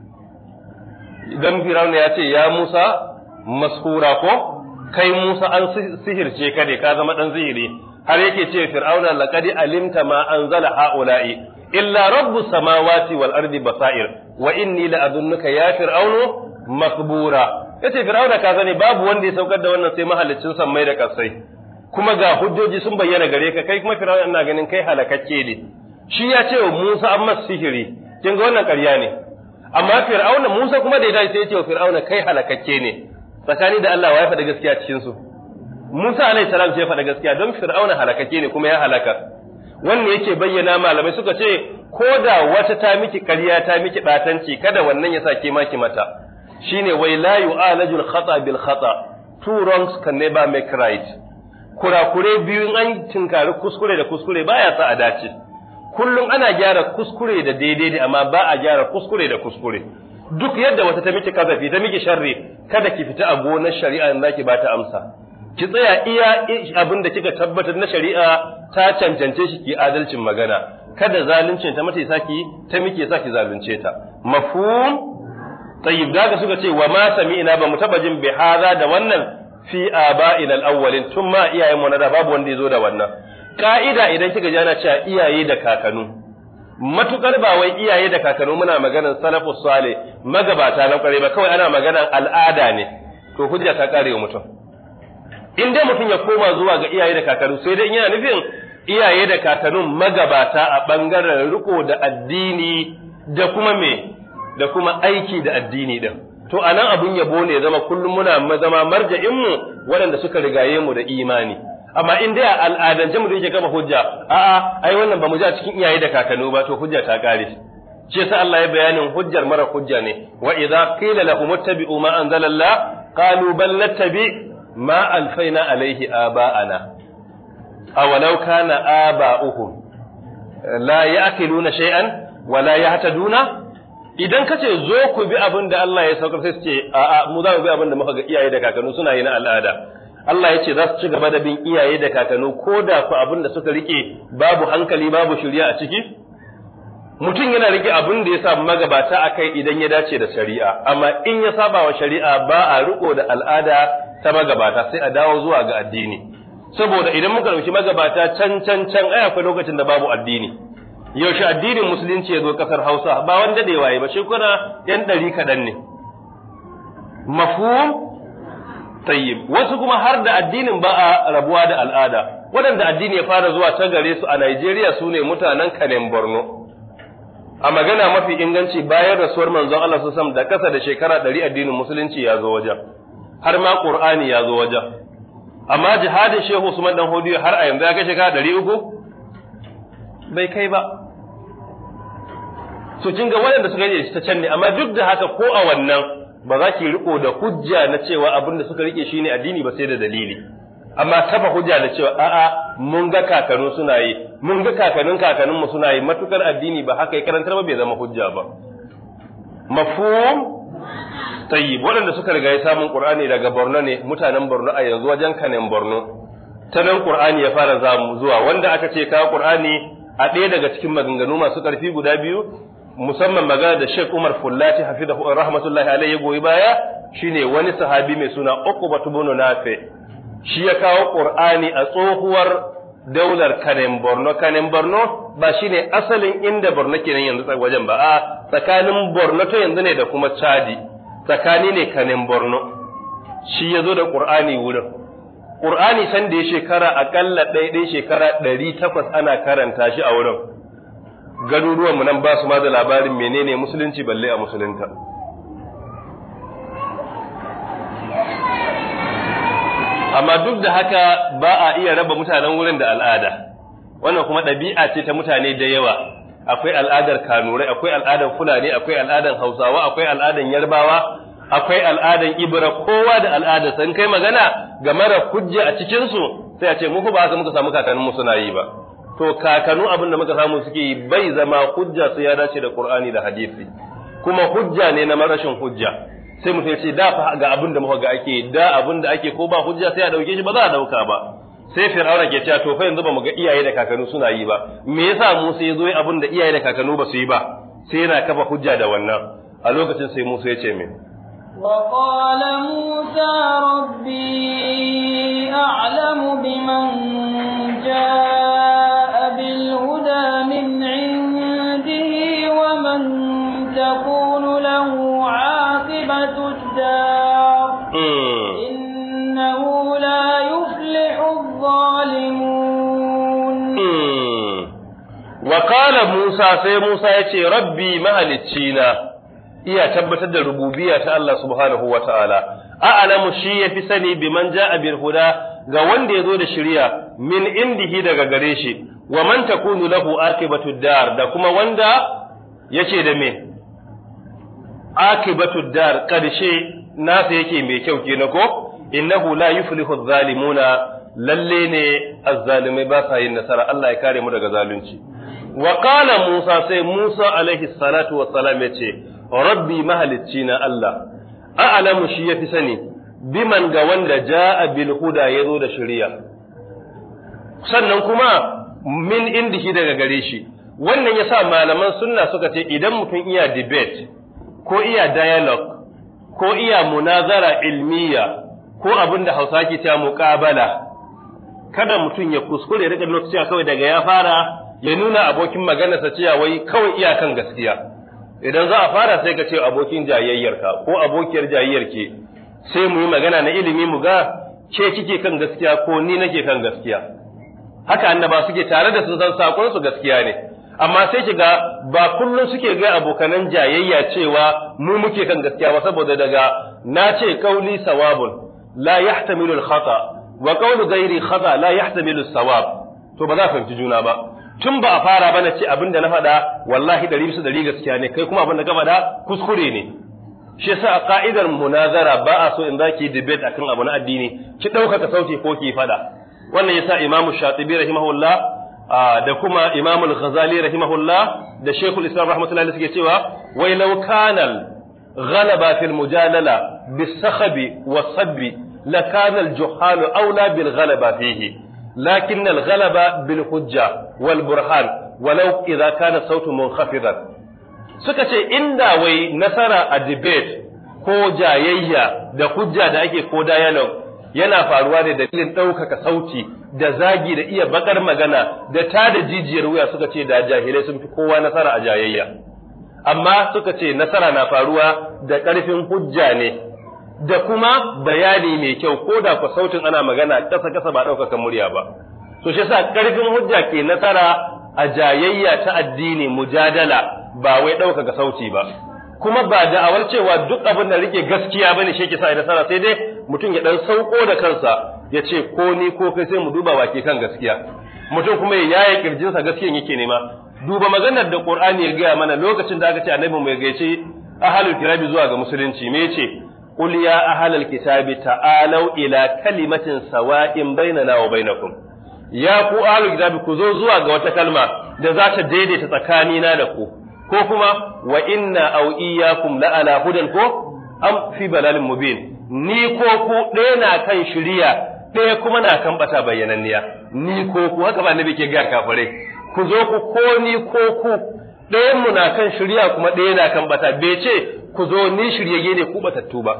Idan Fir'auna ya ce ya Musa maskura ko kai Musa an sihirce ka ne ka zama dan zihiri har yake ce Fir'auna laqad alimta ma anzala haula'i illa rabbus samawati wal ardi basair wa inni la adunnuka ya fir'aunu masbura yace Fir'auna ka sani babu wanda ya saukar da wannan sai mahalicin mai da kasai kuma ga hujjoji sun bayyana gare ka kai kuma fir'auna ina ganin kai halakakke ne shi ya ce wa Musa an masa sihiri kin ga wannan ƙarya ne amma fir'auna Musa kuma da ya dace sai ya ce wa fir'auna kai halakakke ne tsakani da Allah ya faɗa gaskiya cikin su Musa alaihi salam sai ya faɗa gaskiya don fir'auna halakakke ne kuma ya halaka wannan yake bayyana malamai suka ce ko da wata ta miki ƙarya ta miki ɓatanci kada wannan ya sa ke maki mata shine wai la yu'alajul khata bil khata two wrongs can never make right kurakure biyu an tinkari kuskure da kuskure baya sa a dace kullum ana gyara kuskure da daidai amma ba a gyara kuskure da kuskure duk yadda wata ta miki kazafi ta miki sharri kada ki fita a gonar shari'a in zaki ba ta amsa ki tsaya iya abin da kika tabbatar na shari'a ta cancance shi ki adalcin magana kada zaluncin ta mata saki ta miki saki zalunce ta mafhum tayyib daga suka ce wa ma sami'na ba mu taba jin bi hada da wannan fi aba'il al-awwalin tun ma iyayen mu na da babu wanda ya zo da wannan ka'ida idan kika jana cewa iyaye da kakanu matukar ba wai iyaye da kakanu muna maganar salafus salih magabata na kware ba kawai ana maganar al'ada ne to hujja ta kare mutum in dai mutum ya koma zuwa ga iyaye da kakanu sai dai yana nufin iyaye da kakanun magabata a bangaren riko da addini da kuma me da kuma aiki da addini din to anan abun yabo ne zama kullum muna zama marja'inmu mu waɗanda suka rigaye mu da imani amma in dai a al'adance mu yake gaba hujja a'a ai wannan ba mu ji a cikin iyaye da kakanni ba to hujja ta kare shi sai Allah ya bayanin hujjar mara hujja ne wa idza qila lahum ittabi'u ma anzalallah qalu bal nattabi ma alfaina alaihi aba'ana awalau kana aba'uhum la ya'kuluna shay'an wa la yahtaduna idan ka ce zo ku bi abin da Allah ya saukar sai su ce a'a mu za mu bi abin da muka ga iyaye da kakanni suna yi na al'ada Allah ya ce za su ci gaba da bin iyaye da kakanni ko da ku abin da suka rike babu hankali babu shirya a ciki mutum yana rike abin da ya samu magabata a kai idan ya dace da shari'a amma in ya saba wa shari'a ba a riko da al'ada ta magabata sai a dawo zuwa ga addini saboda idan muka dauki magabata can can can ai akwai lokacin da babu addini yaushe addinin musulunci ya zo kasar hausa ba wanda da yawaye ba shekara yan ɗari kaɗan ne mafhum tayyib wasu kuma har da addinin ba a rabuwa da al'ada waɗanda addini ya fara zuwa ta gare su a Najeriya su ne mutanen kanen Borno a magana mafi inganci bayan rasuwar manzon Allah sallallahu da kasa da shekara ɗari addinin musulunci ya zo wajen har ma Qur'ani ya zo wajen amma jihadin Shehu Usman dan Hodiyo har a yanzu ya kai shekara ɗari uku bai kai ba su kinga waɗanda suka yi ta can ne amma duk da haka ko a wannan ba za ki riko da hujja na cewa abin da suka rike ne addini ba sai da dalili amma kafa hujja da cewa a'a mun ga kakanu suna yi mun ga kakanun kakannin mu suna yi matukar addini ba haka ya karantar ba bai zama hujja ba mafhum tayyib waɗanda suka riga samun qur'ani daga Borno ne mutanen Borno a yanzu wajen kanen Borno ta nan qur'ani ya fara zamu zuwa wanda aka ce ka qur'ani a ɗaya daga cikin maganganu masu ƙarfi guda biyu musamman magana da Sheikh Umar Fullati hafizahu rahmatullahi alayhi goyi baya shine wani sahabi mai suna Uqbah ibn Nafi shi ya kawo Qur'ani a tsohuwar daular Kanem Borno Kanem Borno ba shine asalin inda Borno kenan yanzu wajen ba a tsakanin Borno to yanzu ne da kuma Chadi tsakani ne Kanem Borno shi ya zo da Qur'ani wurin Qur'ani san da ya shekara akalla ɗaya ɗaya shekara ɗari takwas ana karanta shi a wurin garuruwan mu nan ba su ma da labarin menene musulunci balle a musulunta amma duk da haka ba a iya raba mutanen wurin da al'ada wannan kuma ɗabi'a ce ta mutane da yawa akwai al'adar kanurai akwai al'adar fulani akwai al'adar hausawa akwai al'adar yarbawa akwai al'adar ibra kowa da al'adar san kai magana ga mara kujje a cikinsu su sai a ce mu ba haka muka samu kakannin mu suna yi ba to kakanu abin da muka samu suke yi bai zama hujja su ya dace da Qur'ani da hadisi kuma hujja ne na marashin hujja sai mutum ce da fa ga abin da muka ga ake da abin da ake ko ba hujja sai a dauke shi ba za a dauka ba sai fir'auna ke cewa to fa yanzu ba mu ga iyaye da kakanu suna yi ba me yasa Musa ya zo yi abin da iyaye da kakanu ba su yi ba sai yana kafa hujja da wannan a lokacin sai Musa ya ce me وقال موسى ربي أعلم بمن جاء qala Musa sai Musa ya ce rabbi mahalicci na iya tabbatar da rububiya ta Allah subhanahu wa ta'ala a'lamu shi ya fi sani man ja'a bil huda ga wanda ya zo da shari'a min indihi daga gare shi wa man takunu lahu akibatu dar da kuma wanda yace da me akibatu dar karshe nasa yake mai kyau kenan ko innahu la yuflihu zalimuna lalle ne azzalimai ba sa yin nasara Allah ya kare mu daga zalunci wa Musa sai Musa alaihi salatu wa salam ce, rabbi mahalicci na Allah a'lamu shi ya fi sani biman ga wanda ja a bil ya zo da shirya, sannan kuma min shi daga gare shi wannan ya sa malaman suna suka ce idan mutum iya debate ko iya dialogue ko iya munazara ilmiya ko abin da Hausa ke cewa muƙabala kada mutum ya kuskure rika lokaci kawai daga ya fara ya nuna abokin maganarsa cewa wai kawai iyakan gaskiya idan za a fara sai ka ce abokin jayayyarka ko abokiyar jayayyar ke sai mu yi magana na ilimi mu ga ke kike kan gaskiya ko ni nake kan gaskiya haka annaba suke tare da sun san sakon su gaskiya ne amma sai kiga ba kullum suke ga abokanan jayayya cewa mu muke kan gaskiya ba saboda daga na ce kauli sawabun la yahtamilu al-khata wa qawlu ghairi khata la yahtamilu as-sawab to ba za ka fahimci juna ba tun ba a fara ba na ce abinda na faɗa wallahi ɗari bisa ɗari gaskiya ne kai kuma abinda ka faɗa kuskure ne shi yasa a ka'idar munazara ba a so in za ki debate akan abu na addini ki ɗaukaka sauti ko ki faɗa wannan yasa imamu shatibi rahimahullah da kuma Imam al-Ghazali rahimahullah da Sheikhul Islam rahmatullahi suke cewa wai law kanal ghalaba fil mujalala bis-sakhbi was-sabbi la kana al-juhalu Aula, bil ghalaba fihi lakin الغلب بالحجة bil hujja wal burhan walau منخفضا kana suka ce inda wai nasara a debate ko jayayya da hujja da ake ko yana faruwa da dalilin ɗaukaka sauti da zagi da iya bakar magana da ta da jijiyar wuya suka ce da jahilai sun fi kowa nasara a jayayya amma suka ce nasara na faruwa da ƙarfin hujja ne da kuma bayani mai kyau ko da ku sautin ana magana ƙasa ƙasa ba ɗaukaka murya ba to shi yasa ƙarfin hujja ke nasara a jayayya ta addini mujadala ba wai ɗaukaka sauti ba kuma ba da'awar cewa duk abin da rike gaskiya ne shi ke sa nasara sai dai mutum ya ɗan sauko da kansa ya ce ko ni ko kai sai mu duba wake kan gaskiya mutum kuma ya yaye kirjinsa gaskiyan yake nema duba maganar da ƙur'ani ya gaya mana lokacin da aka ce annabi mai gaice ahalul kirabi zuwa ga musulunci me yace قل يا أهل الكتاب تعالوا إلى كلمة سواء بيننا وبينكم يا ku الكتاب kitabi ku zo zuwa ga wata kalma da za ta daidaita tsakanina da ku ko kuma wa inna aw iyyakum la ala hudan ko fi balalin ni ko ku ɗaya na kan shiriya ɗaya kuma na kan ɓata bayyananniya ni ko ku haka ba nabi ke ga kafare ku zo ku ko ni ko ku ɗayan mu na kan shiriya kuma ɗaya na kan bata bai ce ku zo ni shiryayye ne ku batattu ba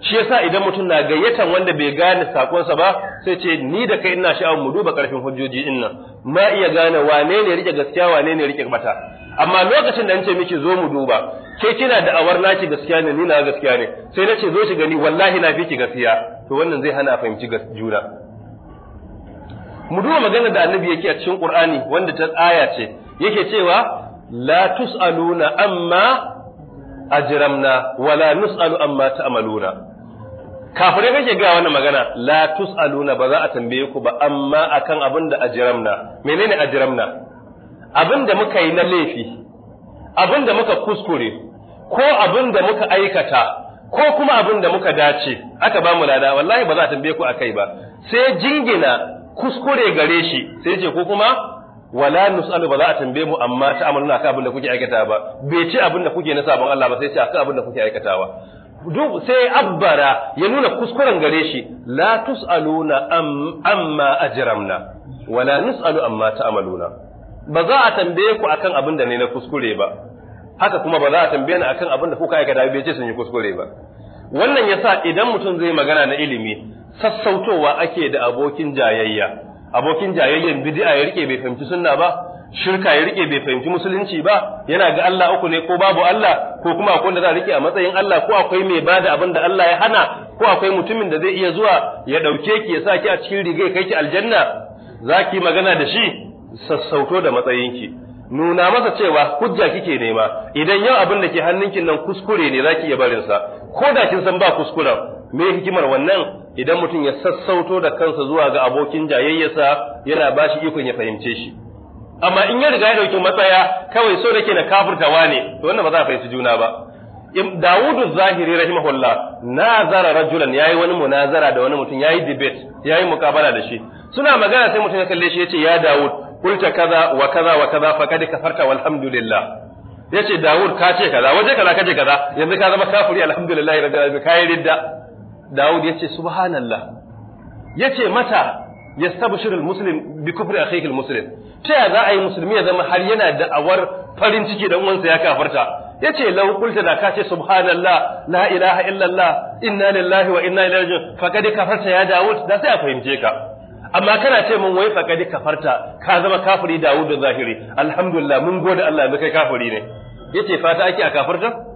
shi yasa idan mutum na gayyatan wanda bai gane sakonsa ba sai ce ni da kai ina sha'awar mu duba karfin hujjoji din nan ma iya gane wane ne rike gaskiya wane ne rike bata amma lokacin da nace miki zo mu duba ke kina da awar naki gaskiya ne ni na gaskiya ne sai na ce zo shi gani wallahi na fiki gaskiya to wannan zai hana fahimci juna mu duba maganar da annabi yake a cikin qur'ani wanda ta aya ce yake cewa la tusaluna amma ajramna wala nus'alu amma ta'maluna kafirai kake ga wannan magana la tus'aluna ba za a tambaye ku ba amma akan abin da ajramna menene ajramna abinda da muka yi na laifi abin da muka kuskure ko abin muka aikata ko kuma abinda muka dace aka ba mu lada wallahi ba za a tambaye ku akai ba sai jingina kuskure gare shi sai ce ko kuma wala nus'alu ba za a tambaye mu amma ta amalu na abin da kuke aikata ba bai ce abin da kuke na sabon Allah ba sai ce akan abin da kuke aikatawa duk sai abbara ya nuna kuskuren gare shi la tus'aluna amma ajramna wala nus'alu amma na. ba za a tambaye ku akan abin da ne na kuskure ba haka kuma ba za a tambaye ni akan abin da kuka aikata bai ce sun yi kuskure ba wannan yasa idan mutum zai magana na ilimi sassautowa ake da abokin jayayya abokin jayayyen bid'a ya rike bai fahimci sunna ba shirka ya rike bai fahimci musulunci ba yana ga Allah uku ne ko babu Allah ko kuma akwai wanda za rike a matsayin Allah ko akwai mai bada abin da Allah ya hana ko akwai mutumin da zai iya zuwa ya dauke ki ya sa ki a cikin riga kai ki aljanna zaki magana da shi sassauto da matsayin ki. nuna masa cewa hujja kike nema idan yau abin da ke hannunkin nan kuskure ne zaki iya barin sa ko da kin san ba kuskuren me hikimar wannan idan mutum ya sassauto da kansa zuwa ga abokin jayayyasa, yana ba shi ikon ya fahimce shi amma in ya riga ya dauki matsaya kawai so nake na kafurtawa ne to wannan ba za a fahimci juna ba Dawudu Zahiri rahimahullah nazara rajulan yayi wani munazara da wani mutum yayi debate yayi mukabala da shi suna magana sai mutum ya kalle shi yace ya Dawud kulta kaza wa kaza wa kaza faqad kafarta walhamdulillah yace Dawud ka ce kaza waje kaza kaje kaza yanzu ka zama kafuri, alhamdulillah rabbil alamin kai ridda Dawud ya ce subhanallah ya ce mata ya shirin shirin bi kufri akhihi muslim ta yi za a yi musulmi ya zama har yana da awar farin ciki dan wansa ya kafarta ya ce qulta da ka ce subhanallah la ilaha illallah inna lillahi wa inna ilaihi jin, kafarta ya daud da sai a fahimce ka amma kana ce mun wai fakadi kafarta ka zama kafiri daud da zahiri alhamdulillah mun gode Allah da kai kafiri ne ya yace fata ake a kafarta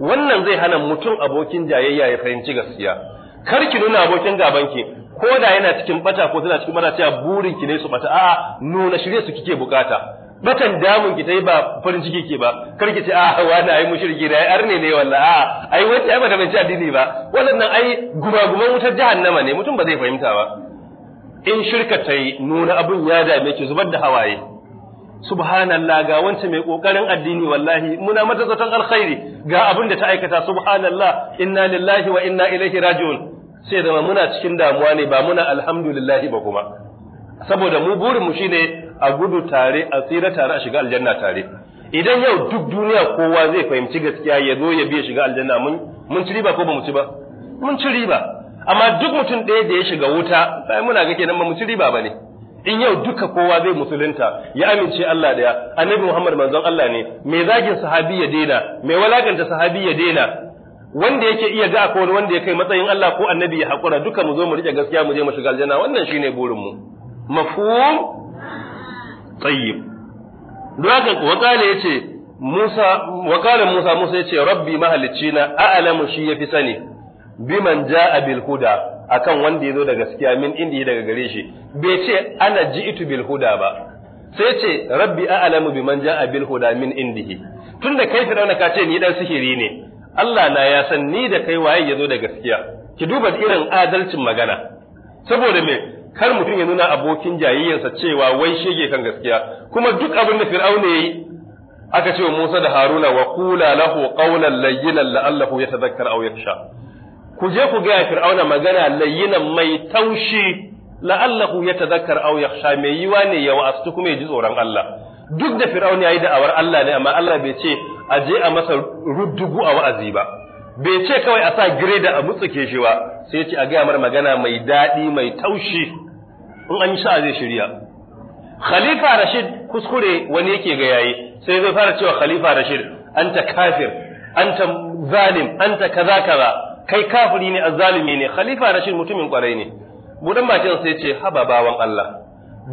wannan zai hana mutum abokin jayayya ya fahimci gaskiya kar ki nuna abokin gabanki ko da yana cikin bata ko tana cikin bata cewa burin ki ne su bata a'a nuna shirye su kike bukata batan damun ki tai ba farin ciki ke ba kar ki ce a ah, wani ai mushriki da ai arne ne wallahi a ai wata ai bata bace addini ba wannan ai gumaguman wutar jahannama ne mutum ba zai fahimta ba in shirka tai nuna abun ya dame ki zubar da hawaye subhanallah ga wancan mai kokarin addini wallahi muna mata alkhairi ga abin da ta aikata subhanallah inna lillahi wa inna ilaihi raji'un sai zama muna cikin damuwa ne ba muna alhamdulillah ba kuma saboda mu burin mu shine a gudu tare a tsira tare a shiga aljanna tare idan yau duk duniya kowa zai fahimci gaskiya ya zo ya biya shiga aljanna mun mun ci riba ko ba mu ci ba mun ci riba amma duk mutum ɗaya da ya shiga wuta bai muna ga kenan ba mu ci riba bane ne in yau duka kowa zai musulunta ya amince Allah daya annabi Muhammad manzon Allah ne Me zagin sahabi ya daina Me walakanta sahabi ya daina wanda yake iya ga ko wanda ya kai matsayin Allah ko annabi ya hakura duka mu zo mu rike gaskiya mu je mu shiga aljanna wannan shine burin mu mafhum tayyib duka ko yace Musa wa Musa Musa yace rabbi mahalicina a'lamu shi yafi sani biman ja'a bil huda akan wanda ya zo da gaskiya min indi daga gare shi bai ce ana ji'itu bil huda ba sai ce rabbi a'lamu biman ja'a bil huda min indihi tunda kai fir'auna ka ce ni dan sihiri ne Allah na ya san ni da kai waye ya zo da gaskiya ki duba irin adalcin magana saboda me kar mutum ya nuna abokin jayayyarsa cewa wai shege kan gaskiya kuma duk abin da fir'auna yayi aka ce wa Musa da Haruna wa qula lahu qawlan layyinan la'allahu yatadhakkar aw yakhsha ku je ku gaya fir'auna magana layyinan mai taushi la'allahu ya tazakkar aw yakhsha mai yiwa ne ya wa'astu kuma ya ji tsoron Allah duk da fir'auna yayi da'awar Allah ne amma Allah bai ce a je a masa ruddugu a wa'azi ba bai ce kawai a sa gireda a mutsuke shi ba sai ce a gaya mar magana mai daɗi mai taushi in an sha zai shirya khalifa rashid kuskure wani yake ga yayi sai zai fara cewa khalifa rashid anta kafir anta zalim anta kaza kaza kai kafiri ne azzalimi ne khalifa rashin mutumin kwarai ne budan bakin sai ce haba bawan Allah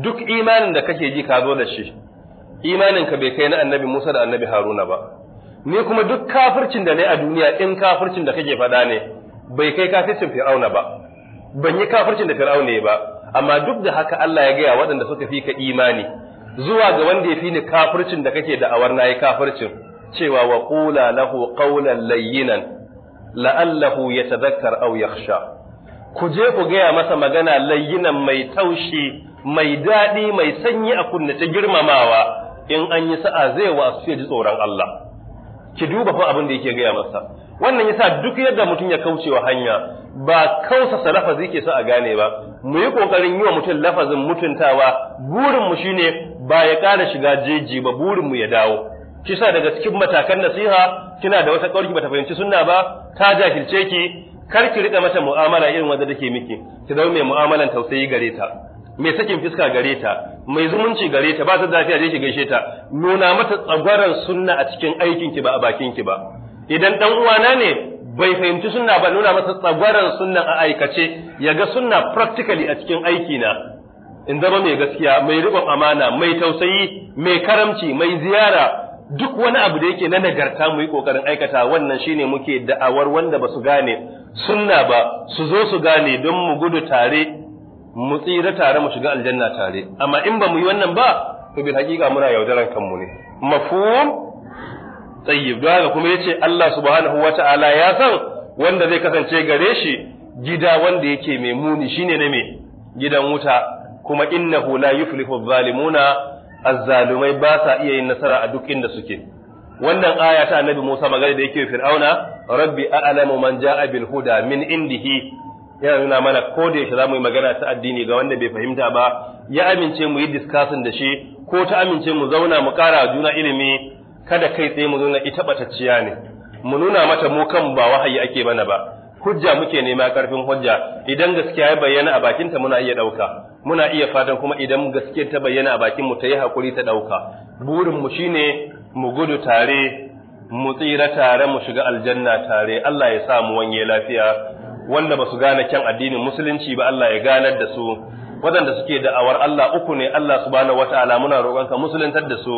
duk imanin da kake ji ka zo da shi imanin ka bai kai na annabi Musa da annabi Haruna ba ni kuma duk kafircin da ne a duniya in kafircin da kake faɗa ne bai kai kafircin Fir'auna ba ban yi kafircin da Fir'auna ne ba amma duk da haka Allah ya gaya waɗanda suka fi ka imani zuwa ga wanda ya fi ni kafircin da kake da'awar na yi kafircin cewa wa qula lahu qawlan layyinan la'allahu ya au ya sha, ku je ku gaya masa magana layyinan mai taushi mai daɗi mai sanyi a kunne girmamawa in an yi sa'a zai wasu ya ji tsoron Allah ki duba fa abin da yake gaya masa wannan yasa duk yadda mutum ya kauce wa hanya ba kausa lafazi ke sa a gane ba mu yi kokarin yi wa mutum lafazin mutuntawa burinmu shi shine ba ya ƙara shiga jeji ba burinmu ya dawo kisa sa daga cikin matakan nasiha kina da wata kauri bata fahimci sunna ba ta jahilce ki kar ki rika mata mu'amala irin wanda take miki ki zama mai mu'amalan tausayi gare ta mai sakin fiska gare ta mai zumunci gare ta ba ta lafiya je ki gaishe ta nuna mata tsagwaran sunna a cikin aikin ki ba a bakin ki ba idan dan uwana ne bai fahimci sunna ba nuna mata tsagwaran sunna a aikace ya ga sunna practically a cikin aiki na in zama mai gaskiya mai riƙon amana mai tausayi mai karamci mai ziyara duk wani abu da yake na nagarta mu yi kokarin aikata wannan shine muke da'awar wanda ba su gane sunna ba su zo su gane don mu gudu tare mu tsira tare mu shiga aljanna tare amma in ba mu yi wannan ba to bil hakika muna yaudaran kanmu ne mafhum tayyib ga kuma yace Allah subhanahu wata'ala ya san wanda zai kasance gare shi gida wanda yake mai muni shine na mai gidan wuta kuma innahu la yuflihu zalimuna azzalumai ba sa iya yin nasara a duk inda suke wannan aya ta annabi Musa magana da yake Fir'auna rabbi a'lamu man ja'a bil huda min indihi yana nuna mana ko da yaushe zamu yi magana ta addini ga wanda bai fahimta ba ya amince mu yi discussion da shi ko ta amince mu zauna mu kara juna ilimi kada kai tsaye mu zauna ita batacciya ne mu nuna mata mu kan ba wahayi ake mana ba hujja muke nema karfin hujja idan gaskiya ya bayyana a bakinta muna iya ɗauka muna iya fatan kuma idan gaskiya ta bayyana a bakin mu ta yi hakuri ta ɗauka burin mu shine mu gudu tare mu tsira tare mu shiga aljanna tare Allah ya sa mu wanye lafiya wanda ba su gane kyan addinin musulunci ba Allah ya ganar da su waɗanda suke da'awar Allah uku ne Allah subhanahu wata'ala muna roƙonka musuluntar da su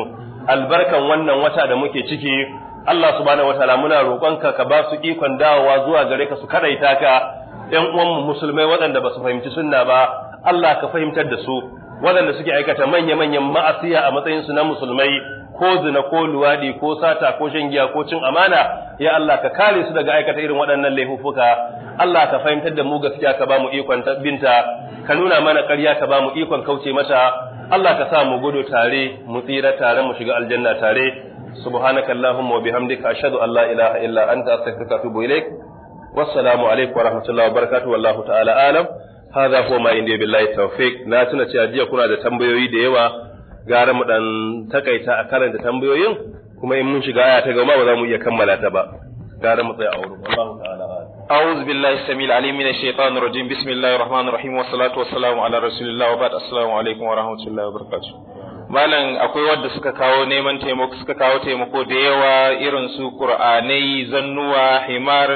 albarkan wannan wata da muke ciki Allah subhanahu wataala muna roƙonka ka ba su ikon dawowa zuwa gare ka su karaita taka. yan uwanmu musulmai waɗanda ba su fahimci sunna ba Allah ka fahimtar da su waɗanda suke aikata manya-manyan ma'asiya a matsayin su na musulmai ko zina ko luwaɗi, ko sata ko shan giya ko cin amana ya Allah ka kare su daga aikata irin waɗannan laifuka Allah ka fahimtar da mu gaskiya ka ba mu ikon binta ka nuna mana ƙarya ka ba mu ikon kauce mata Allah ka sa mu gudu tare mu tsira tare mu shiga aljanna tare subhanaka allahumma wa bihamdika ashhadu an la ilaha illa anta astaghfiruka wa atubu ilaik wassalamu wa rahmatullahi wa barakatuh wallahu ta'ala alam hadha huwa ma indiya na tuna cewa jiya kuna da tambayoyi da yawa gara mu dan takaita a karanta tambayoyin kuma in mun shiga aya ta gaba ba za mu iya kammala ta ba gara mu tsaya a wurin wallahu ta'ala أعوذ بالله السميع العليم من الشيطان الرجيم بسم الله الرحمن الرحيم والصلاة والسلام على رسول الله وبعد السلام عليكم malam akwai wadda suka kawo neman taimako suka kawo taimako da yawa irin su qur'anai zannuwa himar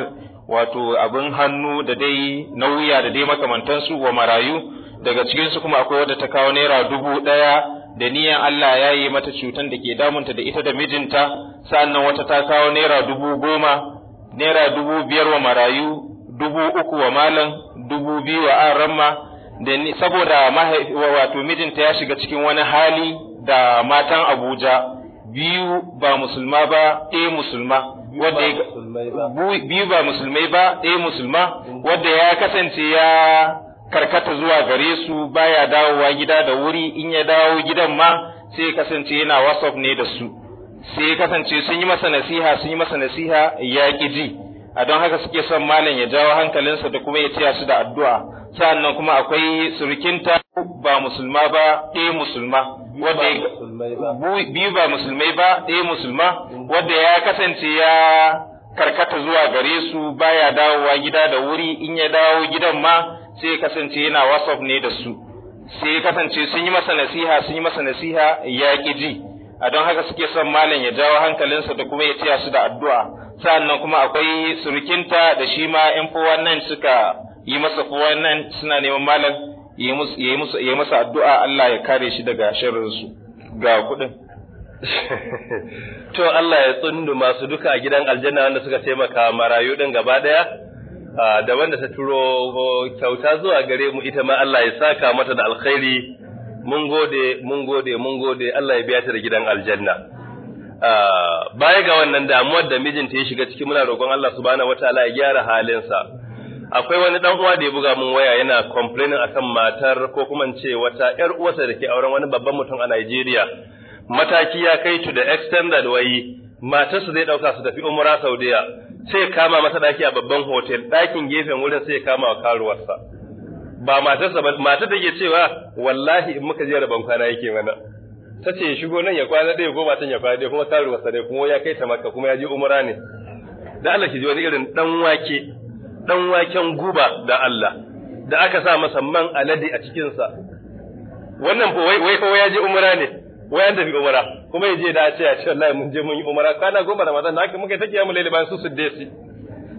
wato abin hannu da dai nauya da dai makamantansu wa marayu daga cikinsu kuma akwai wadda ta kawo naira dubu ɗaya da niyan Allah ya yi mata cutan da ke damunta da ita da mijinta sa'annan wata ta kawo naira dubu goma naira dubu biyar wa marayu dubu uku wa malam dubu biyu wa aran da saboda wato mijinta ya shiga cikin wani hali da matan Abuja biyu ba musulma ba ɗaya musulma wadda biyu ba musulmai ba ɗaya musulma wadda ya kasance ya karkata zuwa gare su baya dawowa gida da wuri in ya dawo gidan ma sai ya kasance yana whatsapp ne da su sai ya kasance sun yi masa nasiha sun yi masa nasiha ya ƙi ji a don haka suke son malam ya jawo hankalinsa da kuma ya ciya su da addu'a sannan kuma akwai surukinta ba musulma ba ɗaya musulma biyu ba musulmai ba ɗaya musulma wadda ya kasance ya karkata zuwa gare su baya dawowa gida da wuri in ya dawo gidan ma sai kasance yana whatsapp ne da su sai kasance sun yi masa nasiha sun yi masa nasiha ya ƙi ji a don haka suke son malam ya jawo hankalinsa da kuma ya tiya su da addu'a sa'annan kuma akwai surukinta da shi ma 'yan nan suka yi masa kowa nan suna neman malam yi masa addu'a Allah ya kare shi daga shirinsu ga kuɗin. To Allah ya tsundu masu duka a gidan aljanna wanda suka taimaka marayu din gaba daya da wanda ta turo kyauta zuwa gare mu ita ma Allah ya saka mata da alkhairi, mun gode, mun gode, mun gode, Allah ya biya ta da gidan aljanna. Baya ga wannan damuwar da mijinta ya shiga ciki muna roƙon Allah subhanahu ala ya gyara halinsa. akwai wani dan uwa da ya buga mun waya yana complaining akan matar ko kuma in ce wata yar uwarsa da ke auren wani babban mutum a Najeriya mataki ya kai to the extent that wai su zai dauka su tafi umra Saudiya sai kama masa daki a babban hotel dakin gefen wurin sai kama wa karuwarsa ba matarsa ba matar da ke cewa wallahi in muka je rabon kwana yake mana ta ce shigo nan ya kwana ɗaya ko matan ya kwana ɗaya kuma karuwarsa ne kuma ya kai ta maka kuma ya je umra ne da Allah ki ji wani irin dan wake ɗan waken guba da Allah da aka sa masa man alade a cikinsa wannan wai wai fa ya je umra ne wai an tafi umra kuma ya je da ya ce a ce Allah mun je mun yi umra kana goma mazan da haka muka ta yamu laili bayan su su desi.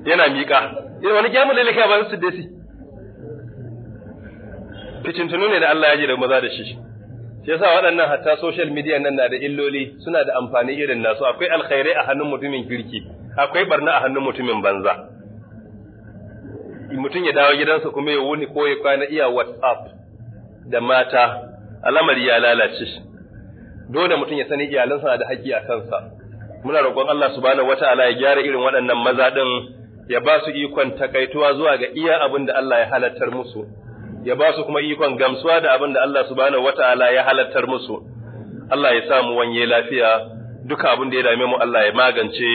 yana miƙa irin wani yamu laili kai bayan su desi. fitintunu ne da Allah ya ji da maza da shi shi yasa waɗannan hatta social media nan na da illoli suna da amfani irin nasu akwai alkhairai a hannun mutumin kirki akwai barna a hannun mutumin banza mutum ya dawo gidansa kuma ya wuni ko ya kwana iya WhatsApp da mata al'amari ya lalace. Dole mutum ya sani iyalansa da haƙƙi a kansa. Muna roƙon Allah subhanahu wata'ala ya gyara irin waɗannan maza ɗin ya ba su ikon takaituwa zuwa ga iya abin da Allah ya halattar musu. Ya ba su kuma ikon gamsuwa da abin da Allah subhanahu wata'ala ya halattar musu. Allah ya samu wanye lafiya duka abin da ya dame mu Allah ya magance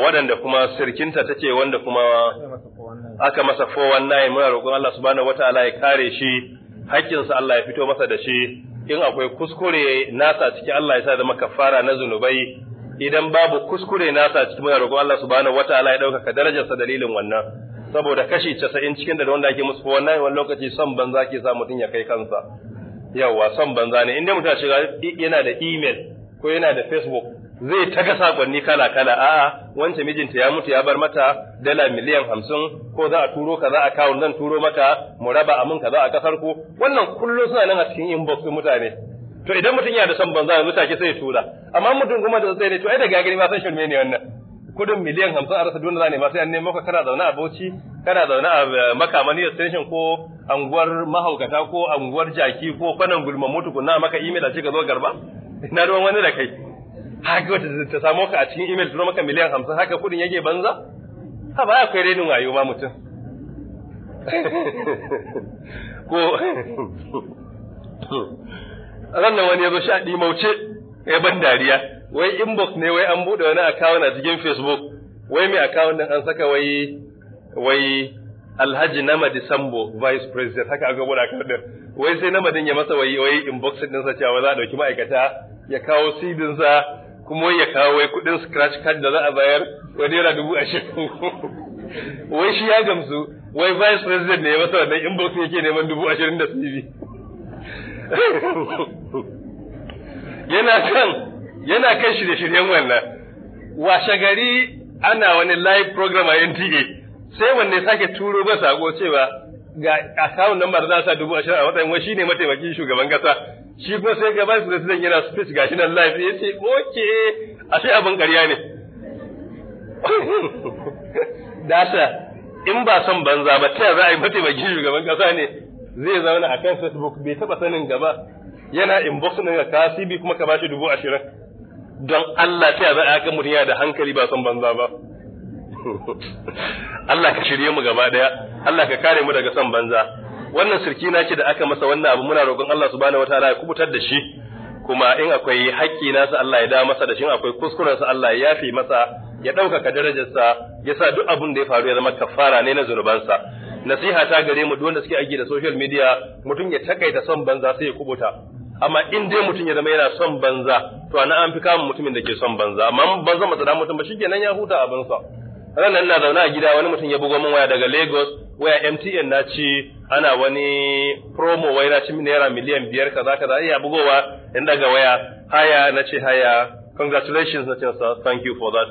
waɗanda kuma sirkinta take wanda kuma aka masa 419 muna roƙon Allah subhanahu wataala ya kare shi haƙƙinsa Allah ya fito masa da shi in akwai kuskure nasa ciki Allah ya sa zama kafara na zunubai idan babu kuskure nasa ciki muna roƙon Allah subhanahu wataala ya ɗaukaka darajarsa dalilin wannan saboda kashi 90 cikin da wanda ake musu wannan wani lokaci son banza ke sa mutum ya kai kansa yawa son banza ne inda mutum shiga yana da email ko yana da facebook zai taga sakonni kala kala a'a wance mijinta ya mutu ya bar mata dala miliyan hamsin ko za a turo za a kawun zan turo maka mu raba amin za a kasar ku wannan kullum suna nan a cikin inbox din mutane to idan mutum yana da son banza yanzu take sai ya tura amma mutum kuma da tsaye ne to ai daga gari ma san shirme ne wannan kudin miliyan hamsin a rasa dole za ne ma sai an nemo ka kana zaune a Bauchi kana zaune a eh, makamani station ko anguwar mahaukata ko anguwar jaki ko kwanan gulma mutu kunna maka email a ce ka zo garba ina ruwan wani da kai haka ta samu ka a cikin email turo maka miliyan hamsin haka kudin yake banza ha ba ya kai renin wayo ma mutum ko ran wani ya zo sha mauce ya ban dariya wai inbox ne wai an buɗe wani akawun a cikin facebook wai mai akawun nan an saka wai wai Alhaji Nama Sambo Vice President haka aka gwada akawun din wai sai Namadin ya masa wai wai inbox din cewa za a ɗauki ma'aikata ya kawo sidinsa. kuma ya kawo wai kuɗin scratch card da za a bayar wai naira dubu ashirin wai shi ya gamsu wai vice president ne ya masa wannan inbox yake neman dubu ashirin da cv yana kan yana kan shirye-shiryen wannan washe gari ana wani live program a NTA sai wanne sake turo ba sako cewa ga account number za sa dubu ashirin a watan wai shine mataimakin shugaban kasa shi ko sai gaba su zan yana ga gashi nan live ya ce oke sai abin karya ne dasa in ba son banza ba ta za a yi mataimakin shugaban kasa ne zai zauna a kan facebook bai taba sanin gaba yana inbox ɗin ka cb kuma ka bashi dubu ashirin don Allah ta za a yi kan mutum da hankali ba son banza ba Allah ka shirye mu gaba daya Allah ka kare mu daga son banza wannan sirki na ce da aka masa wannan abu muna roƙon Allah subhanahu wataala ya kubutar da shi kuma in akwai haƙƙi su Allah ya da masa da shi akwai kuskuren su Allah ya yafe masa ya ɗaukaka darajarsa ya sa duk abin da ya faru ya zama kafara ne na zunubansa nasiha ta gare mu duk wanda suke aiki da social media mutum ya takaita son banza sai ya kubuta amma in dai mutum ya zama yana son banza to ana an fi kama mutumin da ke son banza amma banza masa da mutum ba shi kenan ya huta abinsa Hello, na zaune a gida wani mutum ya bugo min waya daga Lagos waya MTN na ci ana wani promo na ci naira miliyan biyar kaza kaza iya bugowa in daga waya haya na ce haya congratulations na ce thank you for that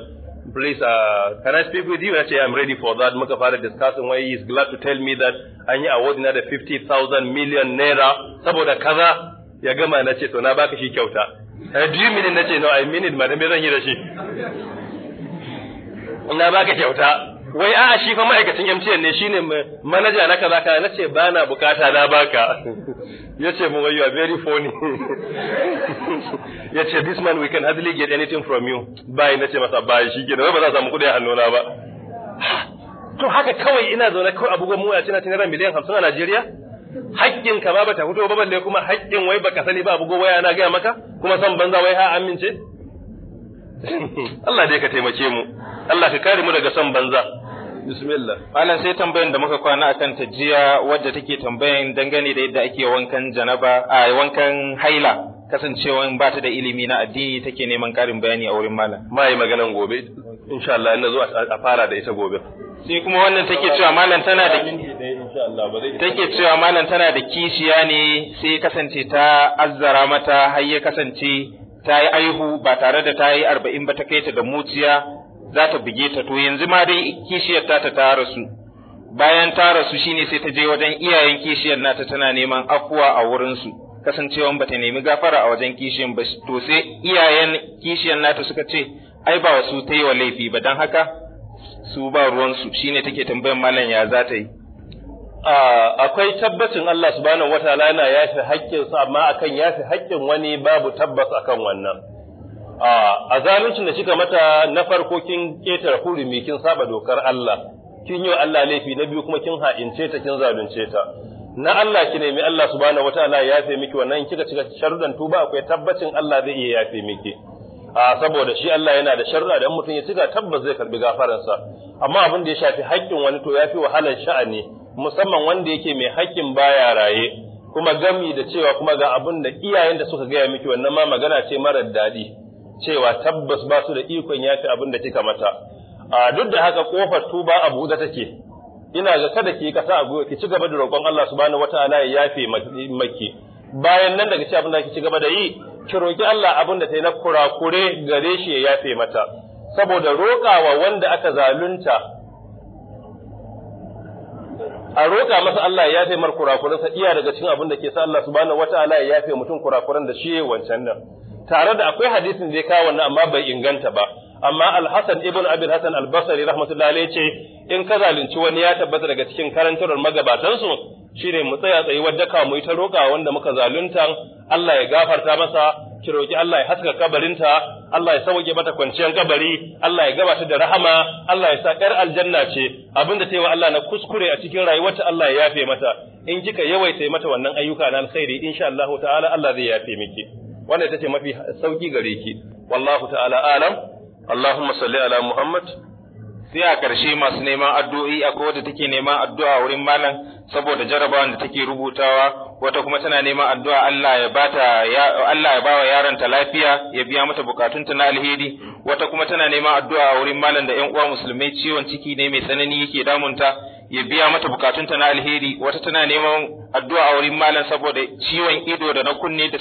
please uh, can I speak with you na ce I'm ready for that muka fara discussing why he is glad to tell me that an yi award na da 50,000 million naira saboda kaza ya gama na ce to na baka shi kyauta. Eh, do you mean it na ce no I mean it zan yi da shi. ina baka kyauta wai a'a shi fa ma'aikacin MTN ne shine manaja na kaza kaza nace ba na bukata na baka yace mu wayo very funny yace this man we can hardly get anything from you bai nace masa bai shi ke da ba za samu kudi a hannuna ba to haka kawai ina zaune kawai abubuwan mu ya cina cin miliyan 50 a Najeriya haƙƙin ka ba ta fito ba balle kuma haƙƙin wai baka sani ba abugo waya na ga maka kuma san banza wai ha amince Allah dai ka taimake mu Allah ka kare mu daga son banza bismillah malam sai tambayan da muka kwana akan tajiya jiya wadda take tambayan dangane da yadda ake wankan janaba a wankan haila kasancewan ba ta da ilimi na addini take neman karin bayani a wurin malam Mai maganan gobe insha Allah ina zo a fara da ita gobe sai kuma wannan take cewa malam tana da take cewa malam tana da kishiya ne sai kasance ta azzara mata har ya kasance ta yi aihu ba tare da ta yi arba'in ba ta kai ta da muciya za ta buge ta to yanzu ma dai kishiyar ta ta rasu bayan ta rasu shine sai ta je wajen iyayen kishiyar nata tana neman afuwa a wurinsu kasancewan ba ta nemi gafara a wajen kishiyan ba to sai iyayen kishiyar nata suka ce ai ba wasu ta yi wa laifi ba don haka su ba ruwansu shine take tambayan malam ya za ta yi akwai tabbacin Allah subhanahu wataala yana yafi haƙƙinsa amma akan yafi haƙƙin wani babu tabbas akan wannan a zaluncin da kika mata na farko kin ƙetare hurumi kin saba dokar Allah kin yi Allah laifi na biyu kuma kin ha'ince ta kin zalunce ta na Allah ki nemi Allah subhanahu wataala ya yafe miki wannan kika cika sharudan tuba akwai tabbacin Allah zai iya yafe miki a saboda shi Allah yana da sharuda da mutum ya cika tabbas zai karbi sa amma abin da ya shafi haƙƙin wani to yafi wahalar sha'ani musamman wanda yake mai hakkin baya raye kuma gami da cewa kuma ga abin da iyayen da suka gaya miki wannan ma magana ce marar daɗi cewa tabbas ba su da ikon yafi abin da kika mata a duk da haka kofar tuba a buɗe take ina ga kada ki kasa a gwiwa ki ci gaba da roƙon Allah subhanahu wataala ya yafe maki bayan nan daga ci abin da ki ci da yi ki roki Allah abin da ta yi na kurakure gare shi ya yafe mata saboda roƙawa wanda aka zalunta a roƙa masa Allah ya yafe mar kurakuran sa iya daga cikin abin da ke sa Allah subhanahu wataala ya yafe mutum kurakuran da shi wancan nan tare da akwai hadisin da ya kawo wannan amma bai inganta ba amma al-Hasan ibn Abi Hasan al-Basri rahmatullahi alayhi ce in ka zalunci wani ya tabbata daga cikin karantarwar magabatan su shine mu tsaya tsayi wadda ka mu yi ta roƙa wanda muka zalunta Allah ya gafarta masa ki roki Allah ya haska kabarinta Allah ya sauke mata kwanciyar kabari, Allah ya gabata da rahama, Allah ya sa ƙar aljanna ce, abinda ta yi wa Allah na kuskure a cikin rayuwarta Allah ya yafe mata, in kika yawaita mata wannan ayyuka na alkhairi insha Allah ta'ala Allah zai yafe miki. Wannan ita ce mafi sauki gare ki. Wallahu ta'ala alam. Allahumma salli ala Muhammad. Sai a ƙarshe masu neman addu'o'i akwai wadda take neman addu'a wurin malam saboda jarabawan da take rubutawa wata kuma tana neman addu'a Allah ya bata Allah ya bawa yaron ta lafiya ya biya mata bukatunta na alheri wata kuma tana neman addu'a a wurin malam da ƴan uwa musulmai ciwon ciki ne mai tsanani yake damunta ya biya mata bukatunta na alheri wata tana neman addu'a a wurin malam saboda ciwon ido da na kunne da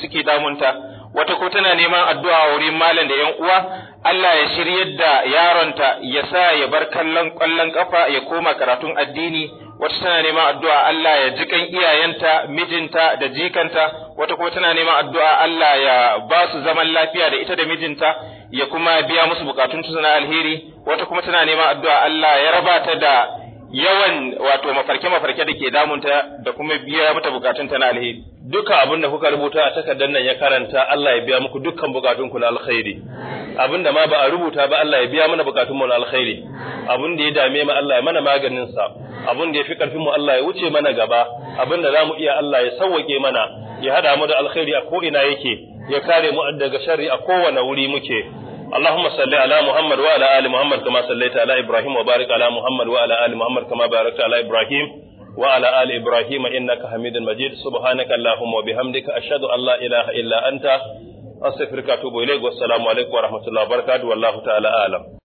suke damunta wata ko tana neman addu'a a wurin malam da ƴan uwa Allah ya shiryar da yaronta ya sa ya bar kallon kallon ƙafa ya koma karatun addini wata tana neman addu'a Allah ya jikan iyayenta mijinta da jikanta wata kuma tana neman addu'a Allah ya ba su zaman lafiya da ita da mijinta ya kuma biya musu bukatun na alheri wata kuma tana neman addu'a Allah ya raba ta da yawan wato mafarke mafarke da ke damunta da kuma biya mata bukatun ta na alheri duka abin da kuka rubuta a takardar nan ya karanta Allah ya biya muku dukkan bukatun ku na alheri. abin da ma ba a rubuta ba Allah ya biya mana bukatun mu na alheri. abin da ya dame mu Allah ya mana maganin sa abin da ya fi karfin mu Allah ya wuce mana gaba abin da zamu iya Allah ya sauwake mana ya hada mu da alheri a ko ina yake ya kare mu daga sharri a kowane wuri muke اللهم صل على محمد وعلى آل محمد كما صليت على إبراهيم وبارك على محمد وعلى آل محمد كما باركت على إبراهيم وعلى آل إبراهيم إنك حميد مجيد سبحانك اللهم وبحمدك أشهد أن لا إله إلا أنت أستغفرك وأتوب إليك والسلام عليكم ورحمة الله وبركاته والله تعالى أعلم